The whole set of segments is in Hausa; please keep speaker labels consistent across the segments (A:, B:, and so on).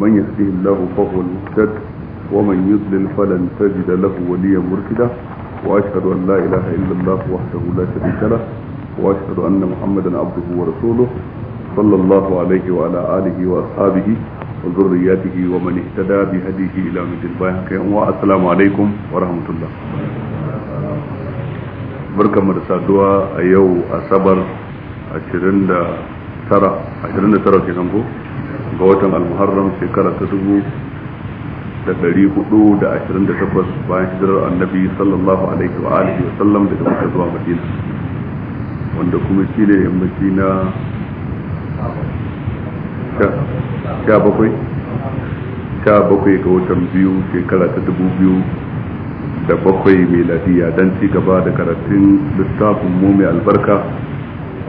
A: من يهده الله فهو المهتد ومن يضلل فلن تجد له وليا مرشدا واشهد ان لا اله الا الله وحده لا شريك له واشهد ان محمدا عبده ورسوله صلى الله عليه وعلى اله واصحابه وذرياته ومن اهتدى بهديه الى مد الباهك والسلام عليكم ورحمه الله barkanmu da saduwa a yau asabar 29 29 kenan ko ga watan al-muharram shekara ta dubu da ɗari hudu da ashirin da takwas bayan hijirar annabi sallallahu alaihi wa alihi wa sallam daga maka zuwa madina wanda kuma shi ne yammaci na sha bakwai sha bakwai ga watan biyu shekara ta dubu biyu da bakwai meladiya don ci gaba da karatun littafin mu mai albarka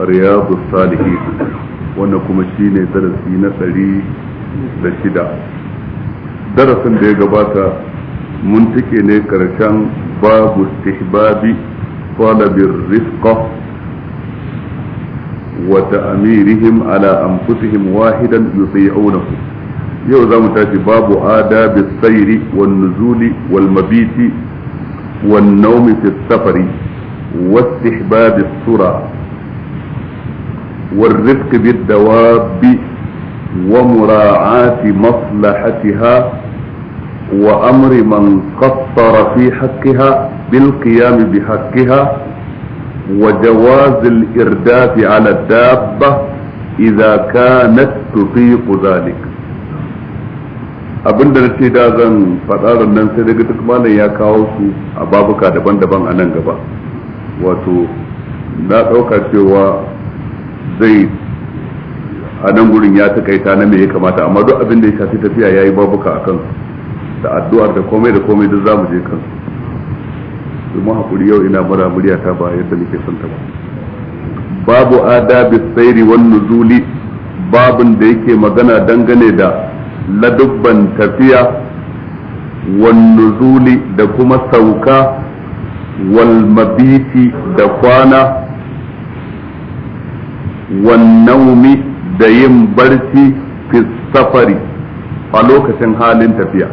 A: riyadu salihin wannan kuma shine darasi na ɗari da shida darasin da ya gabata mun tike ne karshen babu istihbabi talabin rifqa wa ta'mirihim ala anfusihim wahidan yuti'unahu yau za mu tashi babu adabi sayri wan nuzuli wal mabiti wan nawmi fi safari واستحباب sura. والرفق بالدواب ومراعاة مصلحتها وأمر من قصر في حقها بالقيام بحقها وجواز الإرداف على الدابة إذا كانت تطيق ذلك abin da na ce da zan faɗa nan sai daga duk malam ya kawo su a babuka daban-daban a nan gaba wato na ɗauka cewa zai a nan gurin ya takaita na mai ya kamata amma duk abin da ya shafi tafiya ya babuka a kansu da addu'ar da komai da komai duk zamu je kansu domin hakuri yau ina mara murya ta ba yadda nake son ta ba babu adabi sairi wan nuzuli babin da yake magana dangane da ladubban tafiya wan nuzuli da kuma sauka wal mabiti da kwana wan naumi da yin barci fi safari a lokacin halin tafiya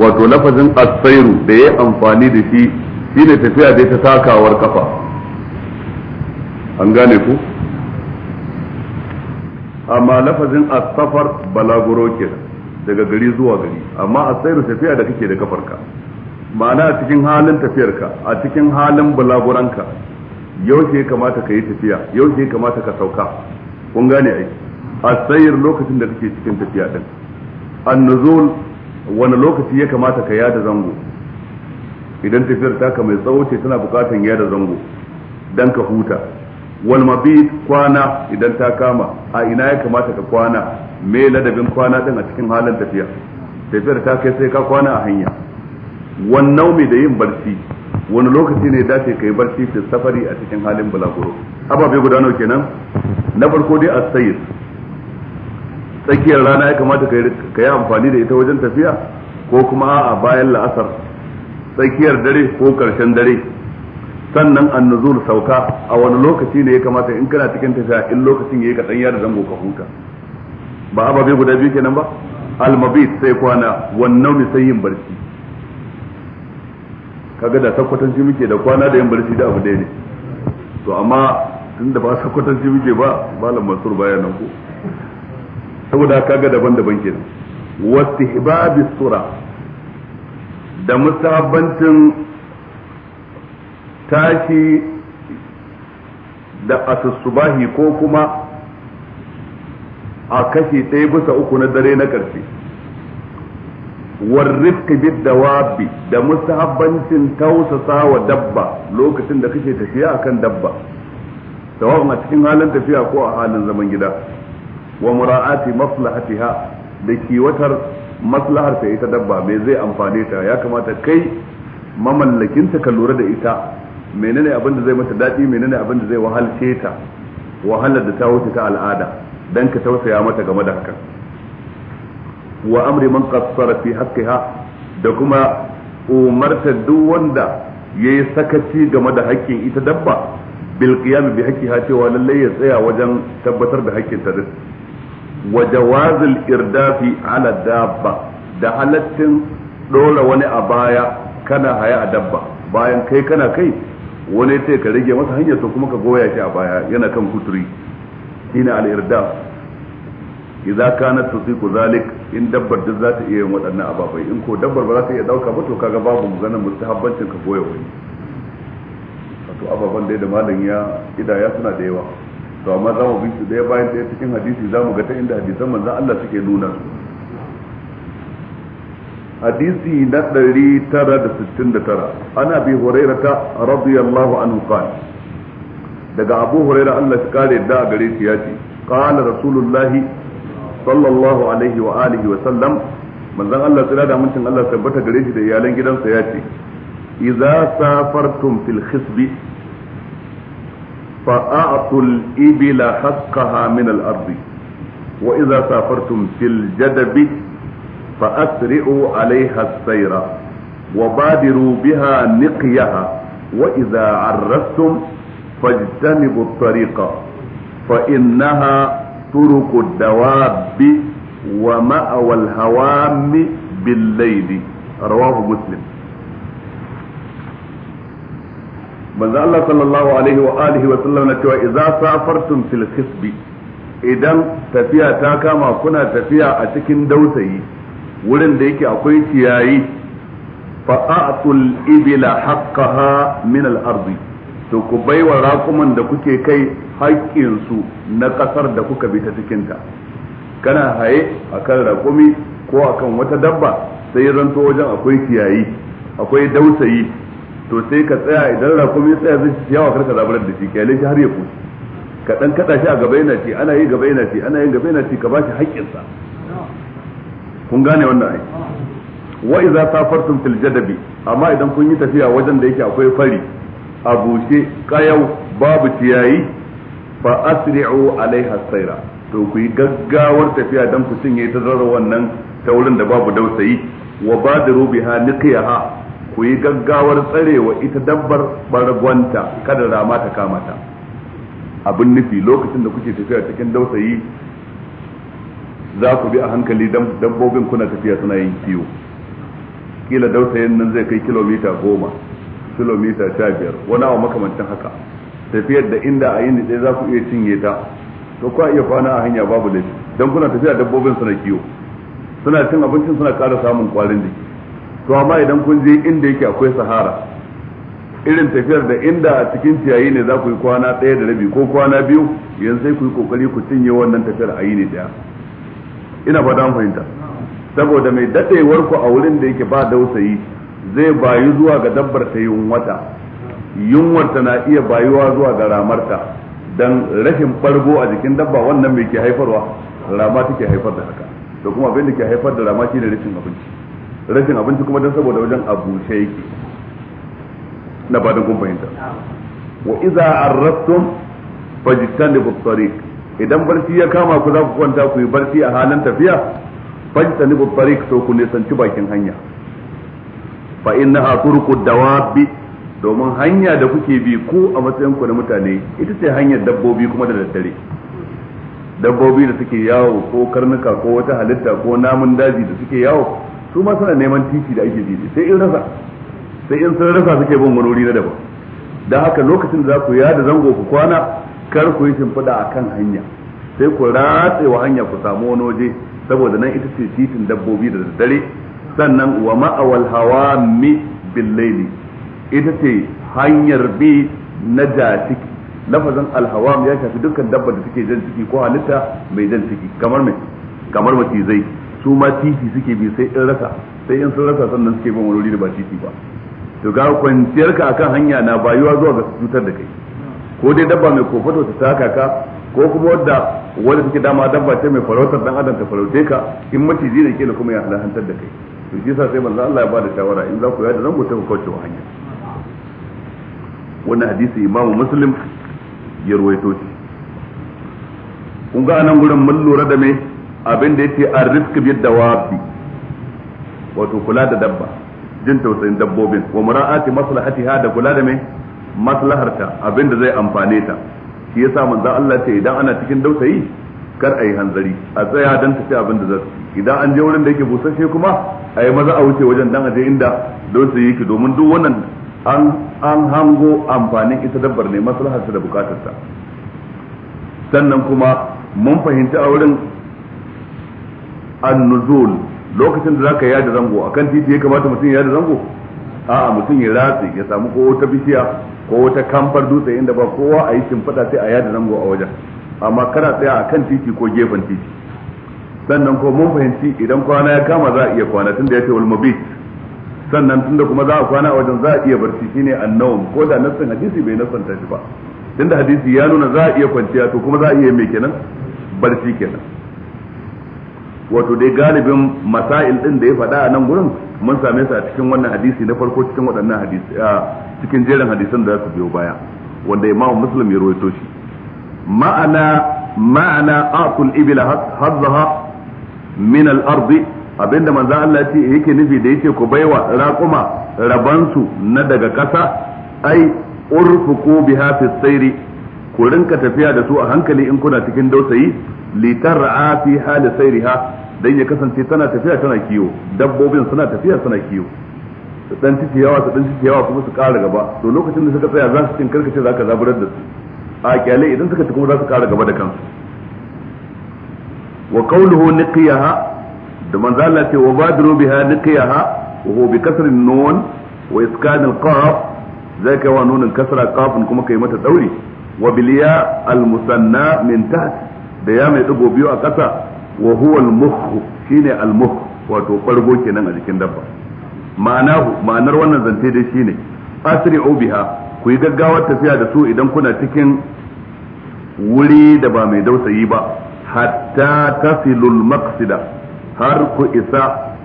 A: wato lafazin asairu da ya amfani da shi shi ne tafiya dai ta takawar kafa an gane ku amma lafazin asafar balaguro ke daga gari zuwa gari amma asairu tafiya da kake da kafarka ma'ana a cikin halin tafiyarka a cikin halin balaguranka ya kamata ka yi tafiya ya kamata ka sauka kun gane ai sayar lokacin da kake cikin tafiya din annuzul wani lokaci ya kamata ka yada zango idan tafiyar ka mai tsawo ce tana bukatan yada zango dan ka huta wal mabit kwana idan ta kama a ina ya kamata ka kwana me ladabin kwana din a cikin halin tafiya tafiyar ta kai sai ka kwana a hanya wannan mai da yin barci wani lokaci ne dace kai barci da safari a cikin halin bulaguro ababe guda nawa kenan na farko dai a sayis tsakiyar rana ya kamata ka yi amfani da ita wajen tafiya ko kuma a bayan la'asar tsakiyar dare ko karshen dare sannan annuzul sauka a wani lokaci ne ya kamata in kana cikin tafiya in lokacin ya yi kaɗan yada zango ka huta ba ababe guda biyu kenan ba almabit sai kwana wannan mai sai yin barci kaga da sakwatanci muke da kwana da yin barci da abu ɗaya ne to amma tun da ba sakwatanci muke ba malam masur baya nan ko saboda kaga daban-daban kenan hibabi sura da musabbancin tashi da asusubahi ko kuma a kashi ɗaya bisa uku na dare na ƙarfi. والرفق dawabi da mustahabbancin tausasa wa dabba lokacin da kake tafiya akan dabba sawa'un a cikin halin tafiya ko a halin zaman gida wa mura'ati maslahatiha da kiwatar maslahar ta ita dabba me zai amfane ta ya kamata kai mamallakinta ka lura da ita menene abin da zai mata daɗi menene abin da zai wahalce wahalar da ta wuce ta al'ada dan ka tausaya mata game da hakan wa amri man qassara fi haqqiha da kuma umarta duk wanda yayi sakaci game da haƙƙin ita dabba bil qiyam bi haqqiha cewa lalle ya tsaya wajen tabbatar da haƙƙin ta din wa jawazul irdafi ala dabba da halattin dole wani a baya kana haya a dabba bayan kai kana kai wani sai ka rage masa hanyar to kuma ka goya shi a baya yana kan kuturi ina al irdaf idza kana tusiku zalik in dabbar duk za ta iya yin waɗannan ababai in ko dabbar ba za ta iya ɗauka ba to kaga babu maganar mustahabbancin ka goya wani to ababan dai da malam ya idaya suna da yawa to amma za mu binci ɗaya bayan ɗaya cikin hadisi za mu ga ta inda hadisan manzan Allah suke nuna su hadisi na ɗari tara da sittin da tara ana bi hurairata radiyallahu anhu qala daga abu huraira Allah ya kare da gare shi ya ce qala rasulullahi sallallahu alaihi wa alihi wa sallam manzon Allah tsira da mutun Allah tabbata gare shi da iyalan gidansa ya ce idza safartum fil khisbi فأعطوا الإبل حقها من الأرض وإذا سافرتم في الجدب فأسرعوا عليها السير وبادروا بها نقيها وإذا عرفتم فاجتنبوا الطريق فإنها طرق الدواب ومأوى والهوام بالليل رواه مسلم من الله صلى الله عليه وآله وسلم نتوى إذا سافرتم في الخصب إذا تفيا تاكا ما كنا تفيا أتكين دوتي ولن ديك أقويت ياي فأعطوا الإبل حقها من الأرض to ku baiwa raƙuman da kuke kai haƙƙinsu na ƙasar da kuka bi ta cikinta kana haye a kan raƙumi ko a kan wata dabba sai ya zanto wajen akwai kiyayi, akwai dausayi to sai ka tsaya idan raƙumi tsaya zai ciyawa karka zabarar da shi kyale shi har ya kusa ka ɗan kaɗa shi a gaba yana ci ana yi gaba yana ci ana yin gaba yana ci ka bashi haƙƙinsa kun gane wannan ai wa iza safartum fil jadabi amma idan kun yi tafiya wajen da yake akwai fari a bushe kayau babu ciyayi fa asri'u alaiha sayra to ku yi gaggawar tafiya dan ku cinye ta zarar wannan taurin da babu dausayi wa badiru biha liqiyaha ku yi gaggawar tsarewa ita dabbar bargwanta kada rama ta kama ta abin nufi lokacin da kuke tafiya cikin dausayi za ku bi a hankali dabbobin kuna tafiya suna yin kiwo kila dausayin nan zai kai kilomita goma kilomita sha biyar wani abu makamancin haka tafiyar da inda a yin za ku iya cinye ta to kwa iya kwana a hanya babu laifi don kuna tafiya dabbobin suna kiwo suna cin abincin suna ƙara samun ƙwarin jiki to amma idan kun je inda yake akwai sahara irin tafiyar da inda a cikin ciyayi ne za ku yi kwana ɗaya da rabi ko kwana biyu yanzu sai ku yi kokari ku cinye wannan tafiyar a yi ne ɗaya ina fata fahimta saboda mai daɗewar ku a wurin da yake ba dausayi zai bayu zuwa ga dabbar ta yunwata yunwarta na iya bayuwa zuwa ga ramarta dan rashin bargo a jikin dabba wannan mai ke haifarwa rama take haifar da haka to kuma abin da ke haifar da rama shine rashin abinci rashin abinci kuma dan saboda wajen abushe yake na ba da kun fahimta wa iza arrastum fajtanibu at-tariq idan barci ya kama ku za ku kwanta ku yi barci a halin tafiya fajtanibu at-tariq to ku nisanci bakin hanya fa innaha turqud dawabi domin hanya da kuke bi ku a matsayin ku na mutane ita ce hanyar dabbobi kuma da daddare dabbobi da suke yawo ko karnuka ko wata halitta ko namun daji da suke yawo su ma suna neman titi da ake bi sai in rasa sai in sun rasa suke bin wani wuri na daban da haka lokacin da za ku yada zango ku kwana kar ku yi shimfiɗa a kan hanya sai ku ratsewa hanya ku samu wani waje saboda nan ita ce titin dabbobi da daddare sannan wa ma'awal hawa mi billaili ita ce hanyar bi na ja ciki lafazin alhawam ya shafi dukkan dabba da suke jan ciki ko halitta mai jan ciki kamar mai kamar macizai su ma titi suke bi sai in rasa sai in sun rasa sannan suke bin wani da ba titi ba to ga kwanciyar ka akan hanya na bayuwa zuwa ga cutar da kai ko dai dabba mai kofato ta saka ka ko kuma wadda wadda take dama dabba ce mai farautar dan adam ta farauce ka in maciji da ke kuma ya halantar da kai to kisa sai manzo Allah ya bada shawara in za ku yada zan mutum kauce wa hanya wannan hadisi imamu muslim ya ruwaito shi kun ga nan gurin mun lura da me abin da yake a risk bi dawabi wato kula da dabba jin tausayin dabbobin wa mura'ati maslahatiha da kula da me maslaharta abin da zai amfane ta shi yasa manzo Allah ce idan ana cikin dausayi kar a yi hanzari a tsaya don tafi abin da za idan an je wurin da yake busasshe kuma a yi maza a wuce wajen dan aje inda don su yi ki domin duk wannan an hango amfanin ita dabbar ne maslaharsa da bukatarsa sannan kuma mun fahimci a wurin annuzul lokacin da zaka yada zango akan titi ya kamata mutum ya yada zango a'a mutum ya ratse ya samu ko wata bishiya ko wata kamfar dutse inda ba kowa a yi shimfiɗa sai a yada zango a wajen amma kana tsaya a kan titi ko gefen titi sannan ko mun fahimci idan kwana ya kama za a iya kwana tunda ya ce walmabit sannan sannan tunda kuma za a kwana a wajen za a iya barci shine annawm ko da nassan hadisi bai nassanta shi ba tunda hadisi ya nuna za a iya kwanciya to kuma za a iya mai kenan barci kenan wato dai galibin masail din da ya faɗa a nan gurin mun same su a cikin wannan hadisi na farko cikin waɗannan hadisi cikin jerin hadisan da za su biyo baya wanda imamu muslim ya rawaito shi ma'ana ma'ana aqul ibila hazzaha min al abinda manzo Allah ce yake nufi da yake ku baiwa raquma rabansu na daga ƙasa ai urfuku biha fi sayri ku rinka tafiya da su a hankali in kuna cikin dausayi litar'a fi hali sayriha dan ya kasance tana tafiya tana kiwo dabbobin suna tafiya suna kiwo su dan ciyawa su dan ciyawa kuma su ƙara gaba to lokacin da suka tsaya za su cin karkace zaka zaburar da su a kyale idan suka cikin za su kara gaba da kansu wa qawluhu niqiyaha da manzo Allah ce wa badru biha niqiyaha wa huwa bi kasri nun wa iskan al zai kai wa nunin kasra kafin kuma kai mata dauri wa bil ya al min taht da ya mai dubo biyu a kasa wa huwa al mukh shine al mukh wato bargo kenan a jikin dabba ma'anar wannan zance dai shine asri'u biha ku yi gaggawar tafiya da su idan kuna cikin wuri da ba mai dausayi ba hatta tasilul maqsida har ku isa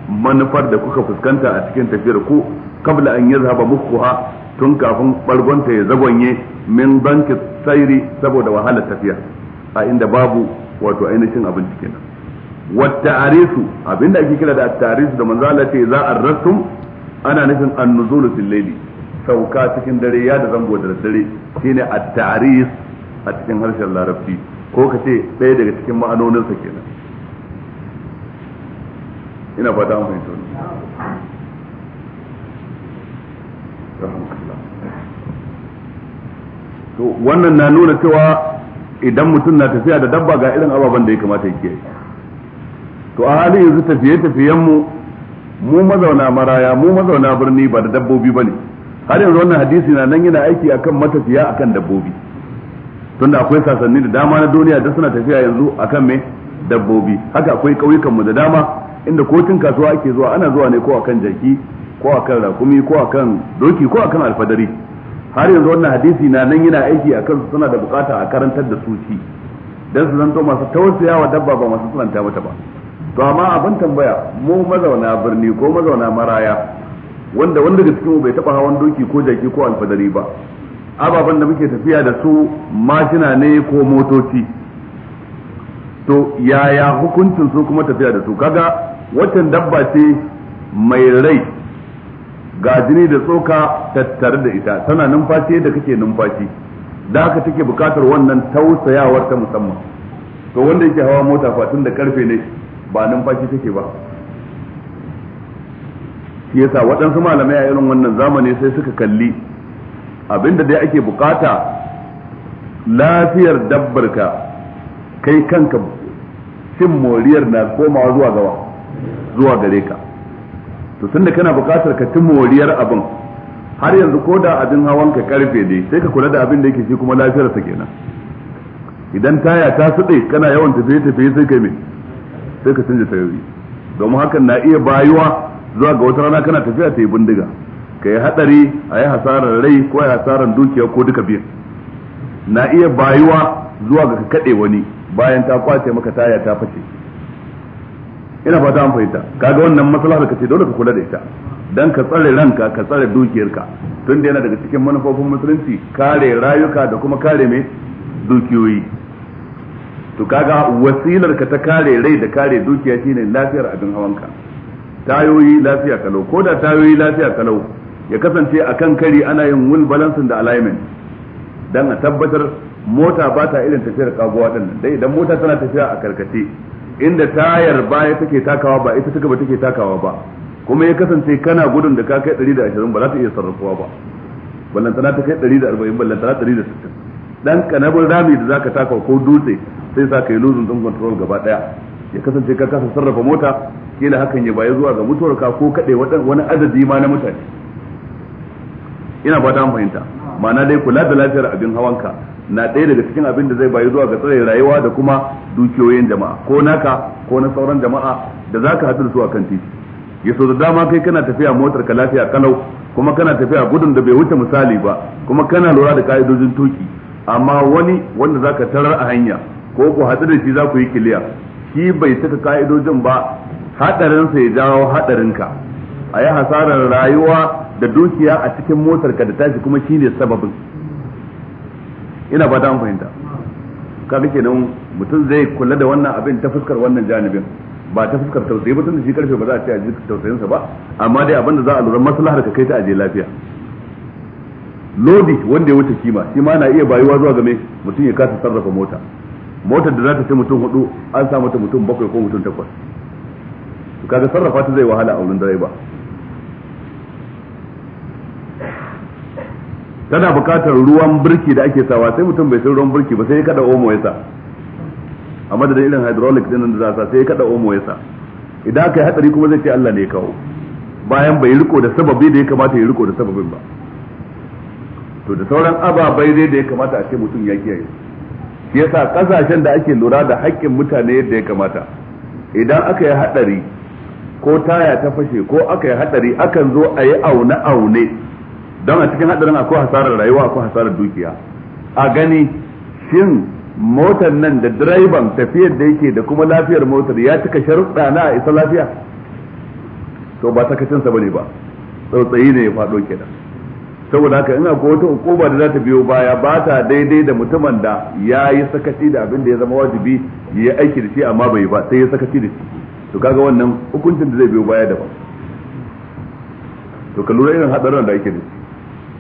A: manufar da kuka fuskanta a cikin tafiyar ku kabla an yazhaba mukkuha tun kafin bargonta ya zagonye min banki tsairi saboda wahalar tafiya a inda babu wato ainihin abinci kenan wata arisu abinda ake kira da tarisu da manzala ce za a rasum ana nufin annuzulu fil sauka cikin dare ya da zango da dare shine at-ta'ris a cikin harshen larabci ko ka ce ɗaya daga cikin ma'anoninsa kenan ina fata an fahimta to wannan na nuna cewa idan mutum na tafiya da dabba ga irin ababen da ya kamata ya kiyaye to a halin yanzu tafiye-tafiyenmu mu mazauna maraya mu mazauna birni ba da dabbobi ba ne har yanzu wannan hadisi na nan yana aiki akan matafiya akan dabbobi tunda akwai sasanni da dama na duniya da suna tafiya yanzu akan me dabbobi haka akwai ƙauyukan mu da dama inda kotun kasuwa ake zuwa ana zuwa ne ko akan jaki ko akan rakumi ko akan doki ko akan alfadari har yanzu wannan hadisi na nan yana aiki akan su suna da bukata a karantar da su ci dan su zanto masu tausayawa dabba ba masu tsananta mata ba to amma abin tambaya mu mazauna birni ko mazauna maraya wanda wanda da cikin bai taba hawan doki ko jaki ko alfadari ba ababen da muke tafiya da su mashina ne ko motoci to yaya hukuncin su kuma tafiya da su kaga watan dabba ce mai rai ga jini da tsoka tattare da ita tana numfashi yadda kake numfashi da haka take bukatar wannan tausayawar ta musamman to wanda yake hawa mota fatin da karfe ne ba numfashi take ba shi yasa waɗansu malamai a irin wannan zamani sai suka kalli abinda dai ake bukata lafiyar dabbar ka kai kanka cin moriyar na komawa zuwa gawa zuwa gare ka to tunda kana bukatar ka cin moriyar abin har yanzu ko da abin hawan ka karfe ne sai ka kula da abin da yake shi kuma lafiyar lafiyarsa kenan idan taya ta suɗe kana yawan tafiye-tafiye sai kai me sai ka canza tayoyi domin hakan na iya bayuwa zuwa ga wata rana kana tafiya ta yi bindiga ka yi hadari a yi hasarar rai ko a yi hasarar dukiya ko duka biyan na iya bayuwa zuwa ga ka kaɗe wani bayan ta kwace maka taya ta fashe ina fata an fahimta kaga wannan maslahar ka ce dole ka kula da ita dan ka tsare ranka ka tsare dukiyarka tun da yana daga cikin manufofin musulunci kare rayuka da kuma kare mai dukiyoyi to kaga wasilar ka ta kare rai da kare dukiya shine lafiyar abin hawanka tayoyi lafiya kalau ko da tayoyi lafiya kalau ya kasance a kan kari ana yin wheel balancing da alignment dan a tabbatar mota ba ta irin tafiyar kaguwa din nan dai idan mota tana tafiya a karkace inda tayar baya take takawa ba ita take ba take takawa ba kuma ya kasance kana gudun da ka kai 120 ba za ta iya sarrafuwa ba tana ta kai 140 ballantana 160 dan kanabin rami da zaka taka ko dutse sai sa kai losing control gaba daya ya kasance ka kasa sarrafa mota kila hakan ya bayi zuwa ga mutuwar ka ko kaɗai wani adadi ma na mutane ina fata an fahimta ma'ana dai kula da lafiyar abin hawanka na ɗaya daga cikin abin da zai bayi zuwa ga tsare rayuwa da kuma dukiyoyin jama'a ko naka ko na sauran jama'a da za ka haɗu da su a kan titi ya so da dama kai kana tafiya motar ka lafiya kalau kuma kana tafiya gudun da bai wuce misali ba kuma kana lura da ka'idojin tuki amma wani wanda za ka tarar a hanya ko ku haɗu da shi za ku yi kiliya shi bai cika ka'idojin ba hadarinsa ya jawo hadarinka a yi hasarar rayuwa da dukiya a cikin motarka da tashi kuma shi ne sababin ina ba an fahimta kaga kenan mutum zai kula da wannan abin ta fuskar wannan janibin ba ta fuskar tausayi ba tunda shi karfe ba za a ce a ji tausayinsa ba amma dai abin da za a lura maslahar ka kai ta aje lafiya lodi wanda ya wuce kima shi ma na iya bayuwa zuwa game mutum ya kasa sarrafa mota motar da za ta ce mutum hudu an sa mata mutum bakwai ko mutum takwas to kaga sarrafa ta zai wahala a wurin direba tana buƙatar ruwan birki da ake sawa sai mutum bai san ruwan birki ba sai ya kada omo ya sa a madadin irin hydraulic din da za sa sai ya kada omo ya sa idan aka yi hatsari kuma zai ce Allah ne ya kawo bayan bai riko da sababi da ya kamata ya riko da sababin ba to da sauran ababai dai da ya kamata a ce mutum ya kiyaye su yasa kasashen da ake lura da haƙƙin mutane yadda ya kamata idan aka yi haɗari ko taya ta fashe ko aka yi haɗari akan zo a yi aune aune don a cikin haɗarin akwai hasarar rayuwa akwai hasarar dukiya a gani shin motar nan da direban tafiyar da yake da kuma lafiyar motar ya cika sharuɗa na a isa lafiya to ba sakacinsa bane ba tsautsayi ne ya faɗo kenan saboda haka ina ko wata hukuma da za ta biyo baya ba ta daidai da mutumin da ya yi sakaci da abin da ya zama wajibi ya yi aiki da shi amma bai ba sai ya sakaci da shi to kaga wannan hukuncin da zai biyo baya daban to ka lura irin hadarin da ake da shi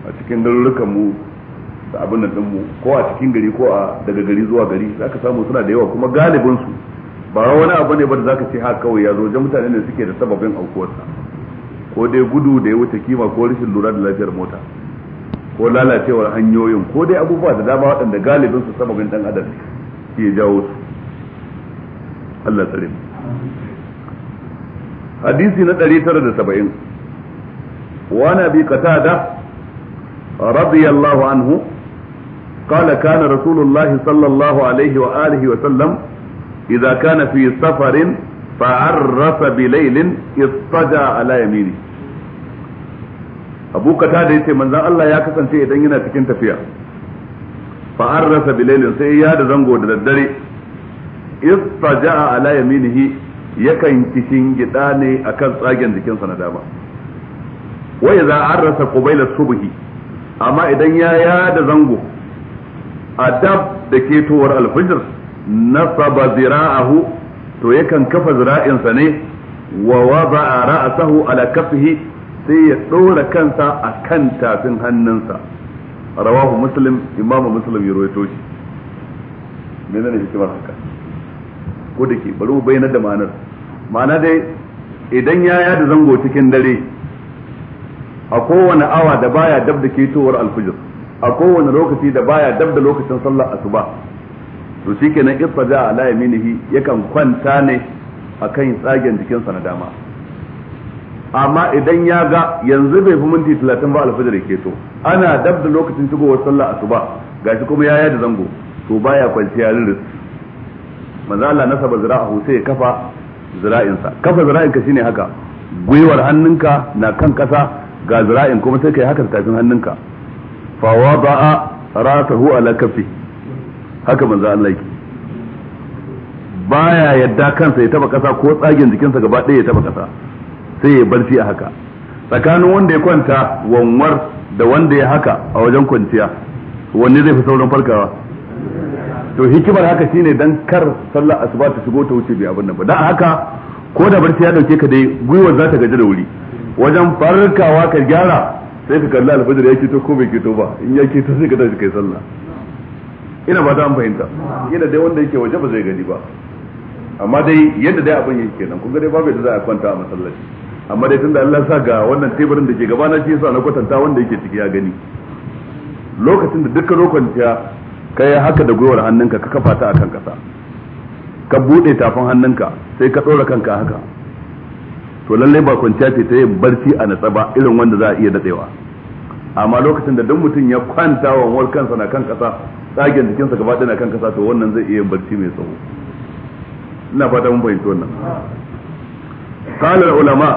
A: a cikin garurukan mu da abin da din mu ko a cikin gari ko a daga gari zuwa gari zaka samu suna da yawa kuma galibin su ba wani abu ne ba da zaka ce ha kawai ya zo jan mutane ne suke da sababin aukuwarsa ko dai gudu da ya wuce kima ko rashin lura da lafiyar mota ko lalacewar hanyoyin ko dai abubuwa da dama waɗanda galibin su sababin dan adam ke jawo su Allah tsare mu hadisi na 970 wa nabi qatada radiyallahu anhu قال كان رسول sallallahu alaihi الله عليه وآله وسلم إذا كان fi safarin. fa'arrasa bilailin istaja ala yamini abu kata da yace manzon Allah ya kasance idan yana cikin tafiya fa'arrasa bilailin sai ya da zango da daddare istaja ala yaminihi yakan kishin gida ne akan tsagen jikinsa na dama wa idza arrasa qubayla subhi amma idan ya ya da zango adab da ketowar alfijir nasaba zira'ahu to yakan kafa zira'insa ne wa wada'a ra'asahu ala kafihi sai ya dora kansa akan tafin hannunsa rawahu muslim imamu muslim ya rawaito shi menene hikimar haka ko dake bari mu bayyana da ma'anar ma'ana dai idan ya yada zango cikin dare a kowane awa da baya dab da ketowar alfijir a kowane lokaci da baya dab da lokacin sallar asuba to za a ala yaminihi yakan kwanta ne a kan tsagen jikinsa na dama amma idan ya ga yanzu bai fi minti talatin ba alfajir ke to ana dab da lokacin shigowar sallah asuba gashi kuma ya da zango to baya kwanciya riris Mazala Allah nasaba zira'ahu sai ya kafa zira'insa kafa zira'inka shine haka gwiwar hannunka na kan kasa ga zira'in kuma sai kai haka tafin hannunka fa wada'a ratahu ala lakafi. haka manzo Allah yake baya yadda kansa ya taba kasa ko tsagen jikinsa gaba ɗaya ya taba kasa sai ya barci a haka tsakanin wanda ya kwanta wanwar da wanda ya haka a wajen kwanciya wanne zai fi saurin farkawa to hikimar haka shine dan kar sallar asuba ta shigo ta wuce bai abin nan ba dan haka ko da barci ya dauke ka dai gwiwar za ta gaji da wuri wajen farkawa ka gyara sai ka kalli alfajir ya ke to ko bai ke to ba in ya ke ta sai ka tashi kai sallah ina ba an fahimta ina dai wanda yake waje ba zai gani ba amma dai yadda dai abin yake nan kun ga dai babu da za a kwanta a masallaci amma dai tunda Allah sa ga wannan teburin da ke gaba na shi yasa na kwatanta wanda yake ciki ya gani lokacin da dukkan lokacin ka yi haka da gwiwar hannunka ka kafa ta akan kasa ka bude tafin hannunka sai ka tsora kanka haka to lalle ba kwanciya ce ta yin barci a natsa ba irin wanda za a iya datsewa amma lokacin da duk mutum ya kwanta wa kansa na kan kasa tsagen jikinsa gaba ɗaya kan kasa to wannan zai iya barci mai tsawo ina fata mun fahimci wannan qalal ulama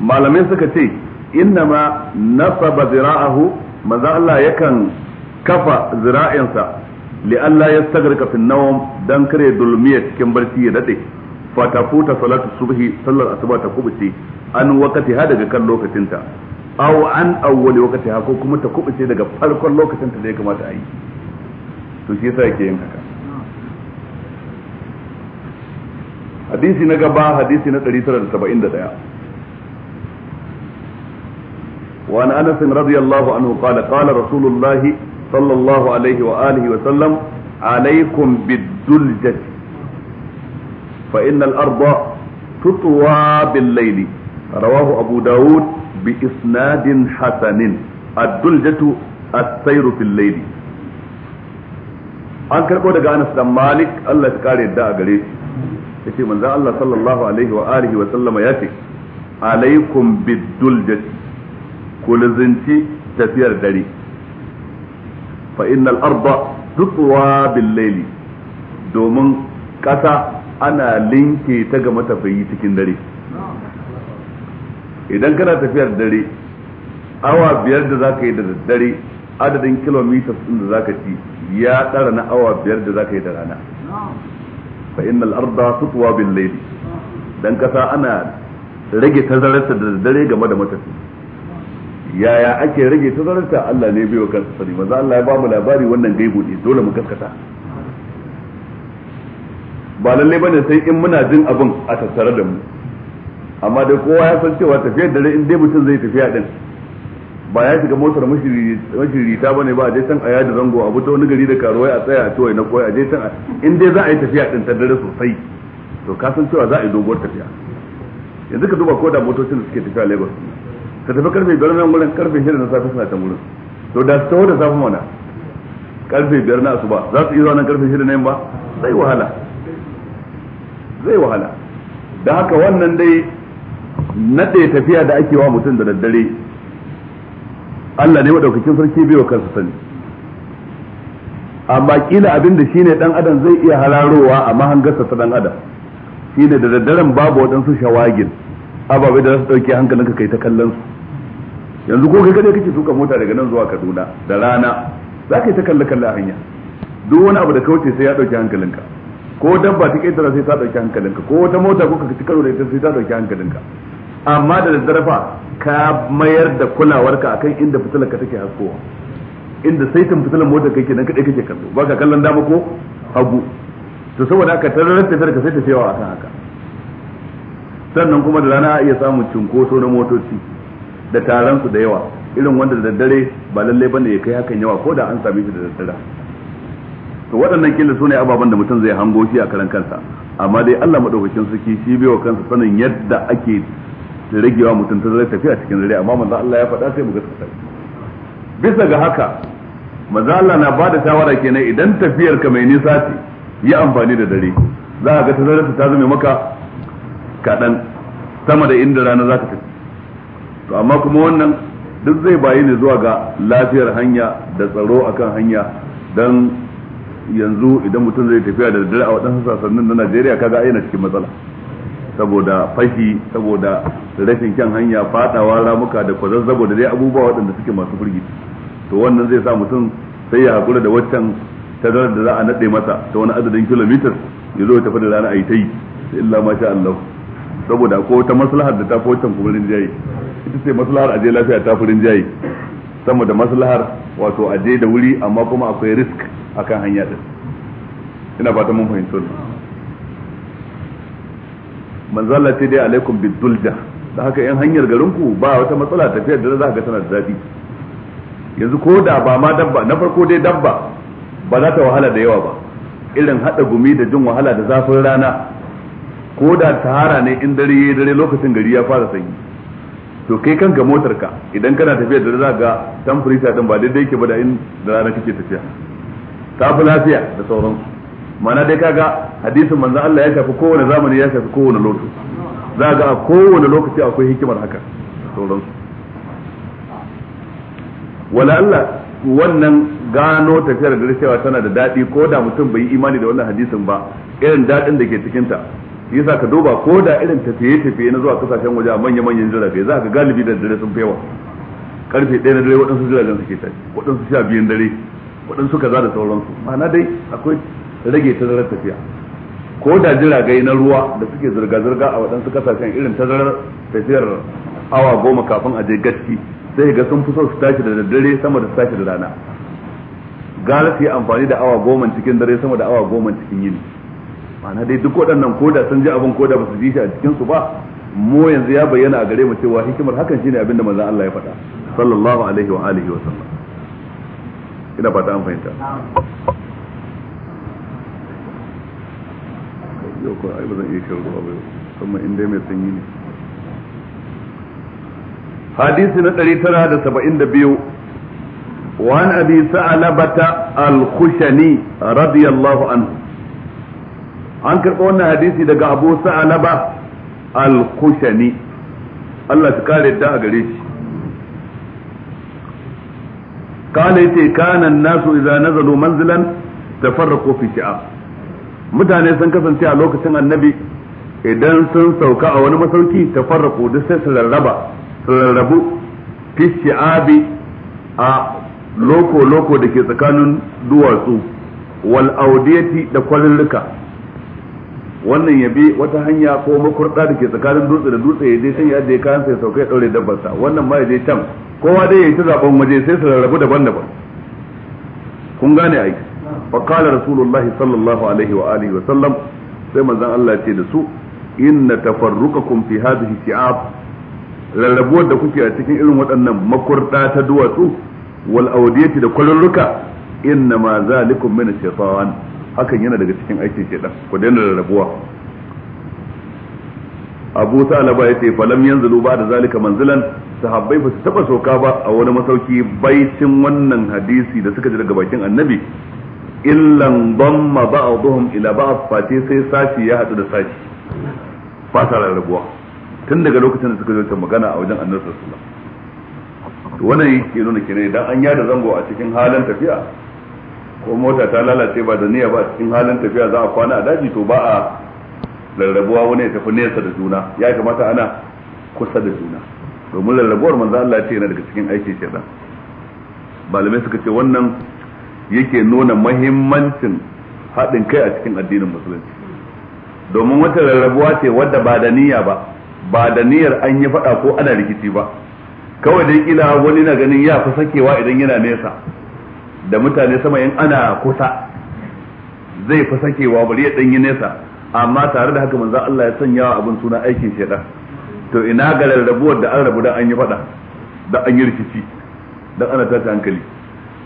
A: malamai suka ce inna ma nasaba zira'ahu manzo Allah yakan kafa zira'insa li Allah yastagrika fi nawm dan kare dulmiya cikin barci ya dade fatafuta salatu subhi sallar asuba ta kubuce an wakati ha daga kan lokacinta aw an awwali wakati ha ko kuma ta kubuce daga farkon lokacinta da ya kamata a yi to shi yasa yake yin haka hadisi na gaba hadisi na 971 وعن انس رضي الله عنه قال قال رسول الله صلى الله عليه واله وسلم عليكم بالدلجه فان الارض تطوى بالليل رواه ابو داود باسناد حسن الدلجه السير في الليل an karɓo daga Anas dan Malik Allah ya kare yadda a gare shi yace manzo Allah sallallahu alaihi wa alihi wa sallama yace alaikum biduljati ku lizinci tafiyar dare fa innal arda tutwa bil domin ƙasa ana linke ta ga matafiyi cikin dare idan kana tafiyar dare awa biyar da zaka yi da daddare adadin kilomita din da ka ci ya tsara na awa biyar da zaka yi da rana fa innal arda tutwa bil layl dan kasa ana rage tazararta da dare game da matafi yaya ake rage tazararta Allah ne bai wa kansa sani maza Allah ya ba mu labari wannan gaibu ne dole mu kaskata ba lalle bane sai in muna jin abin a tattare da mu amma da kowa ya san cewa tafiyar dare in dai mutum zai tafiya din ba ya shiga motar mashirita ba ne ba a je can a yada zango a buta wani gari da karuwai a tsaya a cewa na koya a je can in dai za a yi tafiya din ta dare sosai to ka san cewa za a yi doguwar tafiya yanzu ka duba ko da motocin da suke tafiya Lagos ka tafi karfe biyar nan wurin karfe shida na safe suna ta wurin to da su tawo da safe mana karfe biyar na asuba za su iya zuwa nan karfe shida na yamma zai wahala zai wahala da haka wannan dai naɗe tafiya da ake wa mutum da daddare Allah ne madaukakin sarki bai wa kansa sani amma kila abin da shine dan adam zai iya hararowa a mahangarsa ta dan adam shine da daddaren babu waɗansu shawagin ababe da za su ɗauke hankalinka kai ta kallon su yanzu ko kai kadai kake tuka mota daga nan zuwa Kaduna da rana za ka yi ta kalle kalle a hanya duk wani abu da ka wuce sai ya ɗauki hankalinka ko dabba ta tara sai ta ɗauki hankalinka ko wata mota ko ka ci karo da ita sai ta ɗauki hankalinka amma da daddare fa ka mayar da kulawarka akan inda fitilar ka take haskowa inda saitin fitilar mota kai nan kadai kake kallo ba ka kallon dama ko hagu to saboda haka tararar tafiyar ka sai cewa akan haka sannan kuma da rana iya samun cunkoso na motoci da taron su da yawa irin wanda da daddare ba lallai bane ya kai hakan yawa ko da an same shi da daddare to waɗannan kila su ne ababen da mutum zai hango shi a karan kansa amma dai Allah madaukakin sarki shi bai wa kansa sanin yadda ake da ragewa mutum ta zai tafiya cikin dare amma manzo Allah ya faɗa sai mu ga gaskata bisa ga haka manzo Allah na bada shawara kenan idan tafiyar ka mai nisa ce yi amfani da dare za ka ga ta ta zame maka kaɗan sama da inda rana za ka tafi to amma kuma wannan duk zai bayi ne zuwa ga lafiyar hanya da tsaro akan hanya don yanzu idan mutum zai tafiya da daddare a waɗansu sassanin na Najeriya kaga ai na cikin matsala saboda fashi saboda rashin kyan hanya fadawa ramuka da kwazazzabo da dai abubuwa waɗanda suke masu firgici to wannan zai sa mutum sai ya hakura da waccan tazarar da za a naɗe masa ta wani adadin kilomitar ya zo tafi da rana a yi ta yi illa ma sha Allah saboda ko ta maslahar da ta fi waccan kuma rinjaye ita ce maslahar a je lafiya ta fi rinjaye sama da maslahar wato je da wuri amma kuma akwai risk akan hanya ɗin ina fatan mun fahimci wannan manzala ce dai alaikum bidulja da haka in hanyar garin ku ba wata matsala tafiyar da za ka tana da zafi yanzu ko da ba ma dabba na farko dai dabba ba za ta wahala da yawa ba irin hada gumi da jin wahala da zafin rana ko da tahara ne in dare yayi dare lokacin gari ya fara sanyi to kai kanka motar ka idan kana tafiya da za ga temperature din ba daidai yake ba da in da rana kake tafiya ta fi lafiya da sauransu ma'ana dai kaga hadisin manzo Allah ya shafi kowane zamani ya shafi kowane lokaci za ga a kowane lokaci akwai hikimar haka sauransu wala Allah wannan gano tafiyar da cewa tana da daɗi ko da mutum bai yi imani da wannan hadisin ba irin daɗin da ke cikinta yasa ka duba ko da irin tafiye-tafiye na zuwa kasashen waje a manya-manyan jirage za ka galibi da dare sun fi yawa karfe 1 na dare waɗansu jiragen suke tafi waɗansu sha biyun dare waɗansu kaza da sauransu ma'ana dai akwai rage tazarar tafiya ko da jiragai na ruwa da suke zirga-zirga a waɗansu kasashen irin tazarar tafiyar awa goma kafin a je gaski sai ga sun fi so su tashi da daddare sama da tashi da rana gara su yi amfani da awa goma cikin dare sama da awa goma cikin yini ma'ana dai duk waɗannan koda sun ji abin koda ba su ji shi a cikin su ba mu yanzu ya bayyana a gare mu cewa hikimar hakan shine abin da manzon Allah ya faɗa sallallahu alaihi wa alihi wa sallam ina fata an fahimta yau ko ai ba zan iya shan ruwa ba kuma in dai mai sanyi ne hadisi na 972 وعن أبي ثعلبة an karɓo wannan hadisi daga abu sa'alaba al-kushani Allah su kare da a gare shi kala yace kana nasu idza nazalu manzilan tafarraqu fi shi'a mutane sun kasance a lokacin annabi idan sun sauka a wani masauki ta farraku duk sai su rarraba su rarrabu fi shi'abi a loko loko da ke tsakanin duwatsu wal audiyati da kwalulluka wannan ya bi wata hanya ko makurda da ke tsakanin dutse da dutse ya je can ya je kayan sai sauka ya daure dabbar sa wannan ma ya je can kowa dai ya yi ta zaben waje sai su rarrabu daban-daban kun gane aiki fa qala rasulullahi sallallahu alaihi wa alihi wa sallam sai manzon Allah ce da su inna tafarruka fi hadhihi shi'ab rarrabuwar da kuke a cikin irin waɗannan makurda ta duwatsu wal awdiyati da kwalurruka inna ma zalikum min shaytan hakan yana daga cikin aikin shaytan ku daina rarrabuwa Abu Salaba yace falam yanzulu ba da zalika manzilan sahabbai ba su taba soka ba a wani masauki baicin wannan hadisi da suka ji daga bakin annabi illan damma ba'dhum ila ba'd fati sai sashi ya hadu da sashi ba ta rarrabuwa tun daga lokacin da suka zo ta magana a wajen annabi sallallahu alaihi wasallam wannan yake nuna kenan idan an yada zango a cikin halin tafiya ko mota ta lalace ba da niyya ba a cikin halin tafiya za a kwana a daji to ba a rarrabuwa wani ya tafi nesa da juna ya kamata ana kusa da juna domin rarrabuwar manzo Allah ce yana daga cikin aikin shedan malamai suka ce wannan yake nuna mahimmancin haɗin kai a cikin addinin musulunci domin wata rarrabuwa ce wadda ba da niyya ba ba da niyyar an yi faɗa ko ana rikici ba kawai dai kila wani na ganin ya fi sakewa idan yana nesa da mutane sama in ana kusa zai fi sakewa bari ya ɗan yi nesa amma tare da haka manzo Allah ya sanya wa abin suna aikin shaidan to ina ga rarrabuwar da an rabu da an yi faɗa da an yi rikici da ana tashi hankali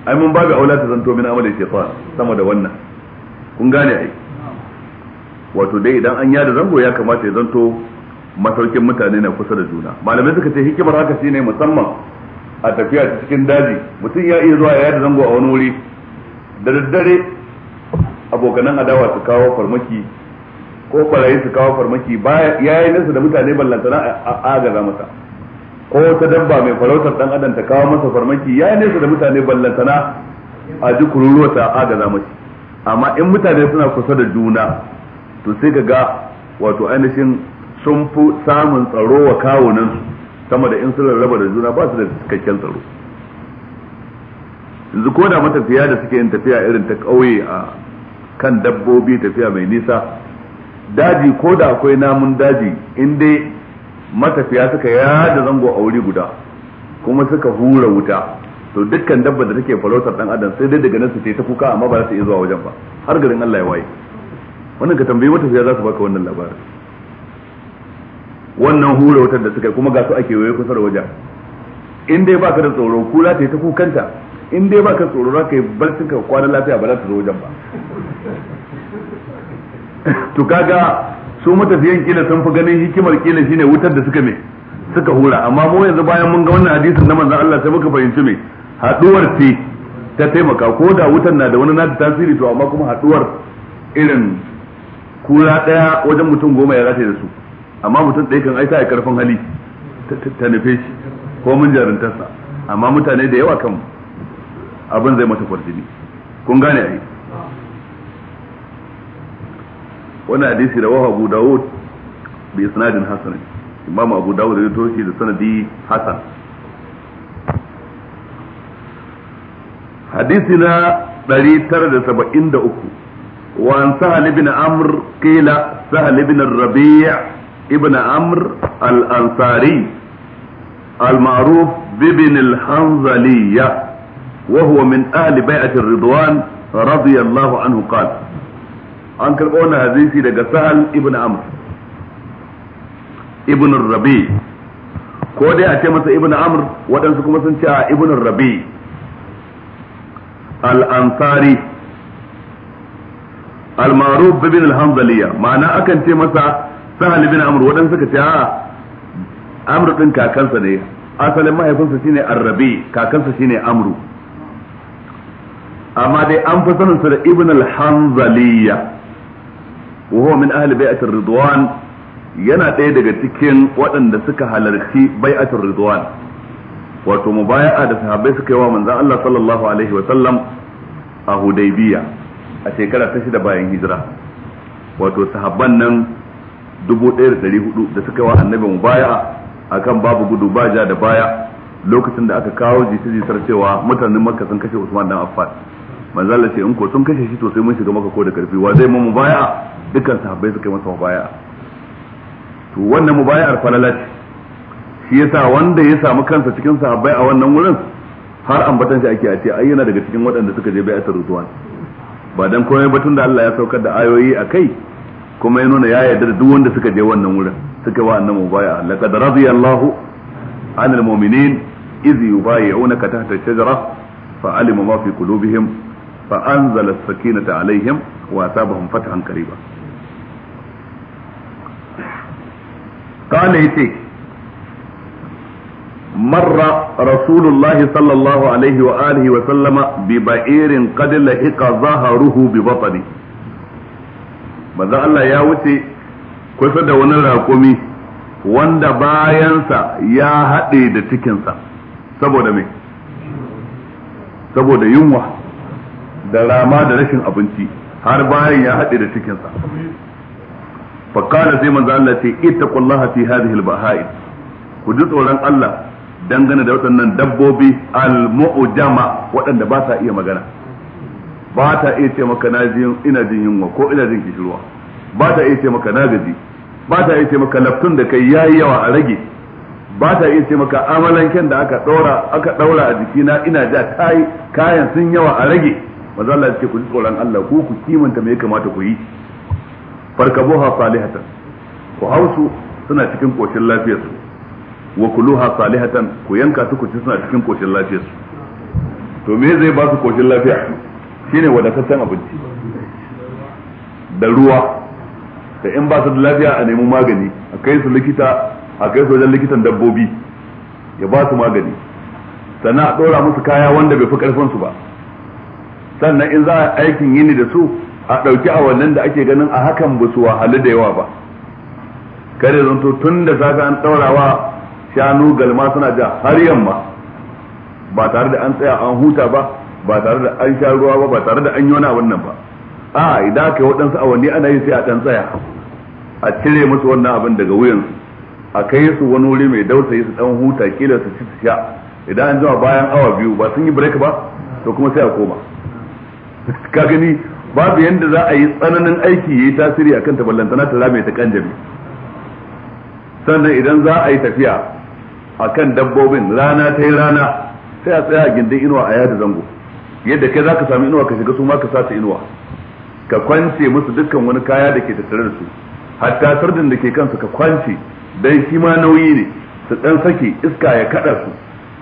A: ai mun babu aula ta zanto min amalin shaytan sama da wannan kun gane ai wato dai idan an yada zango ya kamata ya zanto masaukin mutane na kusa da juna malamai suka ce hikimar haka shine musamman a tafiya cikin daji mutum ya iya zuwa ya yada zango a wani wuri da daddare abokanan adawa su kawo farmaki ko su kawo farmaki ya yi nasa da mutane ballantana a agaza masa ko wata dabba mai farautar dan adam ta kawo masa farmaki ya nesa da mutane ballantana a ji kururuwa ta agaza mashi amma in mutane suna kusa da juna to sai ka ga wato ainihin sun fi samun tsaro wa kawunan sama da in sun da juna ba su da cikakken tsaro yanzu ko da matafiya da suke yin tafiya irin ta ƙauye a kan dabbobi tafiya mai nisa daji ko da akwai namun daji in dai matafiya suka yada zango a wuri guda kuma suka hura wuta to dukkan dabba da take farautar dan adam sai dai daga nan su ta kuka amma ba za su iya zuwa wajen ba har garin Allah ya waye wannan ka tambayi matafiya za su baka wannan labarin wannan hura wutar da suka kuma ga su ake waye kusa da wajen in dai baka da tsoro kula ta ta kukanta in dai baka tsoro za ka yi barcin ka kwana lafiya ba za ta zo wajen ba to kaga su matafiyan kila sun fi ganin hikimar kila shine wutar da suka me suka hura amma mu yanzu bayan mun ga wannan hadisin na manzon Allah sai muka fahimci me haduwar ce ta taimaka ko da wutar na da wani nata tasiri to amma kuma haduwar irin kura daya wajen mutum goma ya rataye da su amma mutum ɗaya kan aita a karfin hali ta nufe shi ko mun jarintarsa amma mutane da yawa kan abin zai mata kwarjini kun gane ai wannan hadisi da wahu abu dawud bi isnadin hasan imam abu dawud ya toshi da sanadi hasan hadisi na 973 وعن سهل بن عمرو قيل سهل بن الربيع ابن عمرو الأنصاري المعروف بابن الحنظلية وهو من أهل بيعة الرضوان رضي الله عنه قال an karɓo wannan hadisi daga sahal ibn amr ibn rabi ko dai a ce masa ibn amr waɗansu kuma sun ce a ibn rabi al-ansari al-maruf bin al-hanzaliya ma'ana akan ce masa sahal ibn amr waɗansu suka ce a amr din kakansa ne asalin mahaifinsa shine ar-rabi kakansa shine amru amma dai an fi sanin su da ibn al-hanzaliya wa huwa min ahli bai'atir ridwan yana ɗaya daga cikin waɗanda suka halarci bai'atir ridwan wato mubaya'a da sahabbai suka yi wa manzon Allah sallallahu alaihi wa sallam a Hudaybiya a shekara ta shida bayan hijira wato sahabban nan 1400 da suka yi wa annabi mubaya'a akan babu gudu baja da baya lokacin da aka kawo jisi jitar cewa mutanen makka sun kashe usman dan affan manzala ce in ko sun kashe shi to sai mun shiga maka ko da karfi wa zai mu baya dukkan sahabbai suka yi masa mubaya to wannan mubaya'ar falala ce shi yasa wanda ya samu kansa cikin sahabbai a wannan wurin har ambatan shi ake a ce ayyana yana daga cikin waɗanda suka je bai'atar rutuwan ba dan komai batun da Allah ya saukar da ayoyi a kai kuma ya nuna ya yarda da duk wanda suka je wannan wurin suka wa annabi mubaya laqad radiyallahu anil mu'minin iz yubayyi'unaka tahta ash-shajara fa'alima ma fi qulubihim as-sakinata عليهم wa asabahum hankali ba. qala yace marra rasulullahi sallallahu alaihi wa alihi wa sallama bi ba'irin qad lahiqa zaharuhu bi batni manzo Allah ya wuce kusa da wani raƙumi wanda bayansa ya haɗe da cikinsa saboda me saboda yunwa da rama da rashin abinci har bayan ya haɗe da cikinsa fakala sai manzo Allah ce ittaqullaha fi hadhihi al ku ji tsoron Allah dangane da waɗannan dabbobi al-mu'jama waɗanda ba sa iya magana ba ta iya ce maka na ina jin yunwa ko ina jin kishirwa ba ta iya ce maka na gaji ba ta iya ce maka laftun da kai yayi yawa a rage ba ta iya ce maka amalanken da aka daura aka ɗaura a jikina ina ja kayan sun yawa a rage manzo Allah ya ce ku ji tsoron Allah ku ku kimanta me ya kamata ku yi farkabuha salihatan ku hausu suna cikin koshin lafiyar su wa kuluha salihatan ku yanka su ku ci suna cikin koshin lafiyar su to me zai ba su koshin lafiya shine wadataccen abinci da ruwa da in ba su da lafiya a nemi magani a kai su likita a kai su wajen likitan dabbobi ya ba su magani sana a ɗora musu kaya wanda bai fi ƙarfinsu ba sannan in za a aikin yini da su a ɗauki awannin da ake ganin a hakan ba su wahalu da yawa ba kare to tun da safe an ɗaurawa shanu galma suna ja har yamma ba tare da an tsaya an huta ba ba tare da an sha ruwa ba ba tare da an yi wani wannan ba a idan aka yi waɗansu awanni ana yi sai a ɗan tsaya a cire musu wannan abin daga wuyansu a kai su wani wuri mai dausayi su ɗan huta kila su ci su sha idan an jima bayan awa biyu ba sun yi break ba to kuma sai a koma ka gani babu yadda za a yi tsananin aiki yayi tasiri akan ta ballantana ta rame ta kanjami sannan idan za a yi tafiya akan dabbobin rana ta yi rana sai a tsaya a gindin inuwa a yada zango yadda kai zaka sami inuwa ka shiga su ma ka sa inuwa ka kwance musu dukkan wani kaya da ke tattare da su hatta sardin da ke kansu ka kwance dan shi ma nauyi ne su dan sake iska ya kada su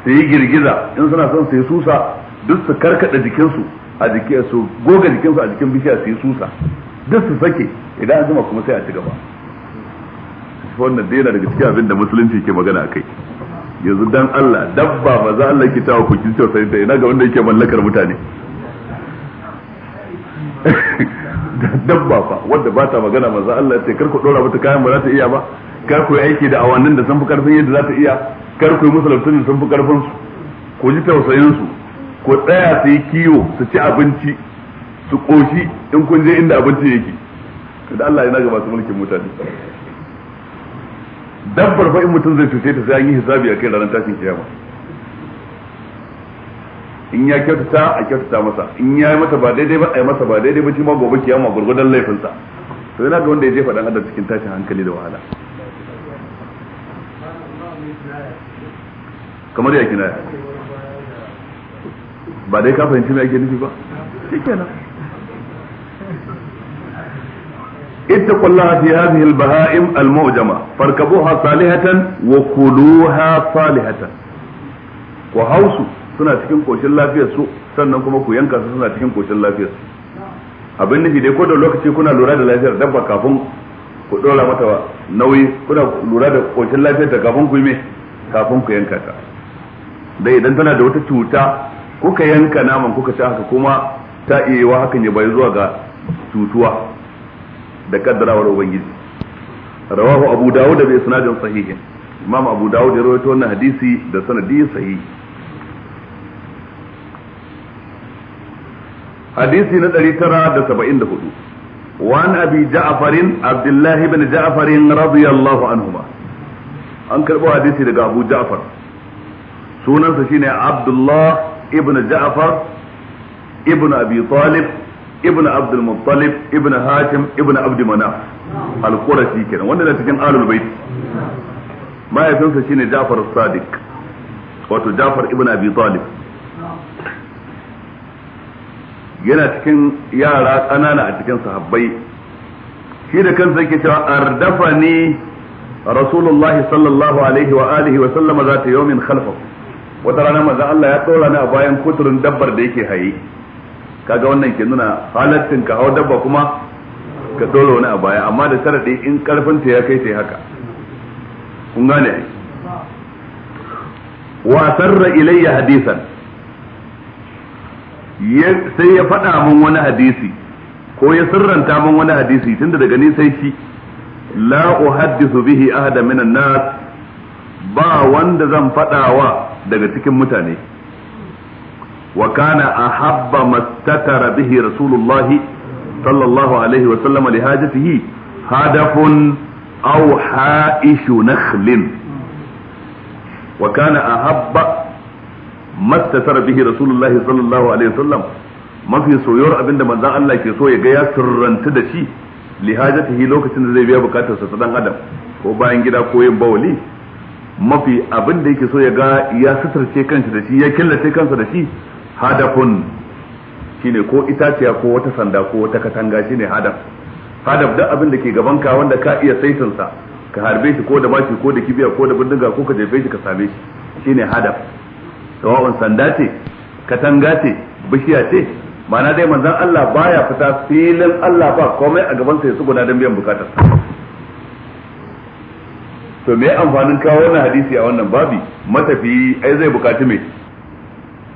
A: su yi girgiza in suna son su yi susa duk su karkada jikinsu a jikin su goga jikinsu a jikin bishiya su yi susa duk su sake idan an zama kuma sai a ci gaba wannan dai yana daga cikin abin da musulunci ke magana a kai yanzu dan Allah dabba ba za Allah ke tawo ku kince sai ta ina ga wanda yake mallakar mutane dabba fa wanda ba ta magana manzo Allah sai kar ku dora mata kayan ba za ta iya ba kar ku aiki da awannin da sun fi karfin yadda za ta iya kar ku yi musu sun fi karfin su ku ji tausayin su ku tsaya su yi kiwo su ci abinci su ƙoshi in kun je inda abinci yake da Allah yana ga masu mulkin mutane dabbar fa in mutum zai cuce ta sai an yi hisabi a kai ranar tashin kiyama in ya kyautata a kyautata masa in ya yi mata ba daidai ba a yi masa ba daidai ba shi ma gobe kiyama gurgudan laifinsa to yana ga wanda ya jefa dan adam cikin tashin hankali da wahala kamar ya kinaya ba dai ka fahimci me ake nufi ba shikenan اتقوا الله في هذه البهائم المعجمة فاركبوها صالحة وكلوها صالحة hausu suna cikin koshin lafiyar su sannan kuma ku yanka su suna cikin koshin lafiyar su abin nufi dai ko da lokaci kuna lura da lafiyar dabba kafin ku dora mata wa nauyi kuna lura da koshin lafiyar ta kafin ku yi me kafin ku yanka ta dai idan tana da wata cuta kuka yanka naman kuka ci haka kuma ta iya wa hakan ya bai zuwa ga cutuwa da kaddarawar ubangiji rawahu abu dawud da bai isnadin sahihin imam abu dawud ya rawaito wannan hadisi da sanadi sahihi hadisi na 974 وعن أبي جعفر عبد الله بن جعفر رضي الله عنهما أنكر حديثي لك أبو جعفر سنة شيني عبد الله ابن جعفر ابن أبي طالب ابن عبد المطلب ابن هاشم ابن عبد مناف القرشي كده وانا cikin آل البيت ما يفهمش شيء جعفر الصادق wato Jafar ibn Abi yana cikin yara ƙanana a cikin sahabbai shi da kansa yake cewa ardafa ne rasulullahi sallallahu alaihi wa alihi wa sallama zata yawmin khalfahu wata rana maza Allah ya tsora ni a bayan kuturin dabbar da yake haye kaga wannan ke nuna halattin ka hau dabba kuma ka tsora wani a baya amma da sharadi in karfin ta ya kai ta haka kun gane wa sarra ilayya hadisan sai ya faɗa min wani hadisi ko ya sirranta min wani hadisi tunda daga ni sai shi la uhaddisu bihi ahada minan nas ba wanda zan faɗawa daga cikin mutane wa kana ahabba mastatara bihi rasulullah sallallahu alaihi wa sallam li hajatihi hadafun aw haishu nakhlin wa kana ahabba mastatara bihi rasulullah sallallahu alaihi wa sallam mafi soyuwar abinda manzon Allah ke so ya ga ya sirranta da shi li hajatihi lokacin da zai biya bukatarsa ta dan adam ko bayan gida ko yin bawali mafi abin da yake so ya ga ya sitarce kansa da shi ya killace kansa da shi hadafun shine ko itaciya ko wata sanda ko wata katanga shine hadaf hadaf da abin da ke gaban ka wanda ka iya saitan sa ka harbe shi ko da ko da kibiya ko da bindiga ko ka jefe shi ka same shi shine hadaf sawa'un sanda ce katanga ce bishiya ce ma'ana dai manzon Allah baya fita filin Allah ba komai a gaban sa ya su guda don biyan bukatarsa to me amfanin kawo wannan hadisi a wannan babi matafi ai zai bukaci me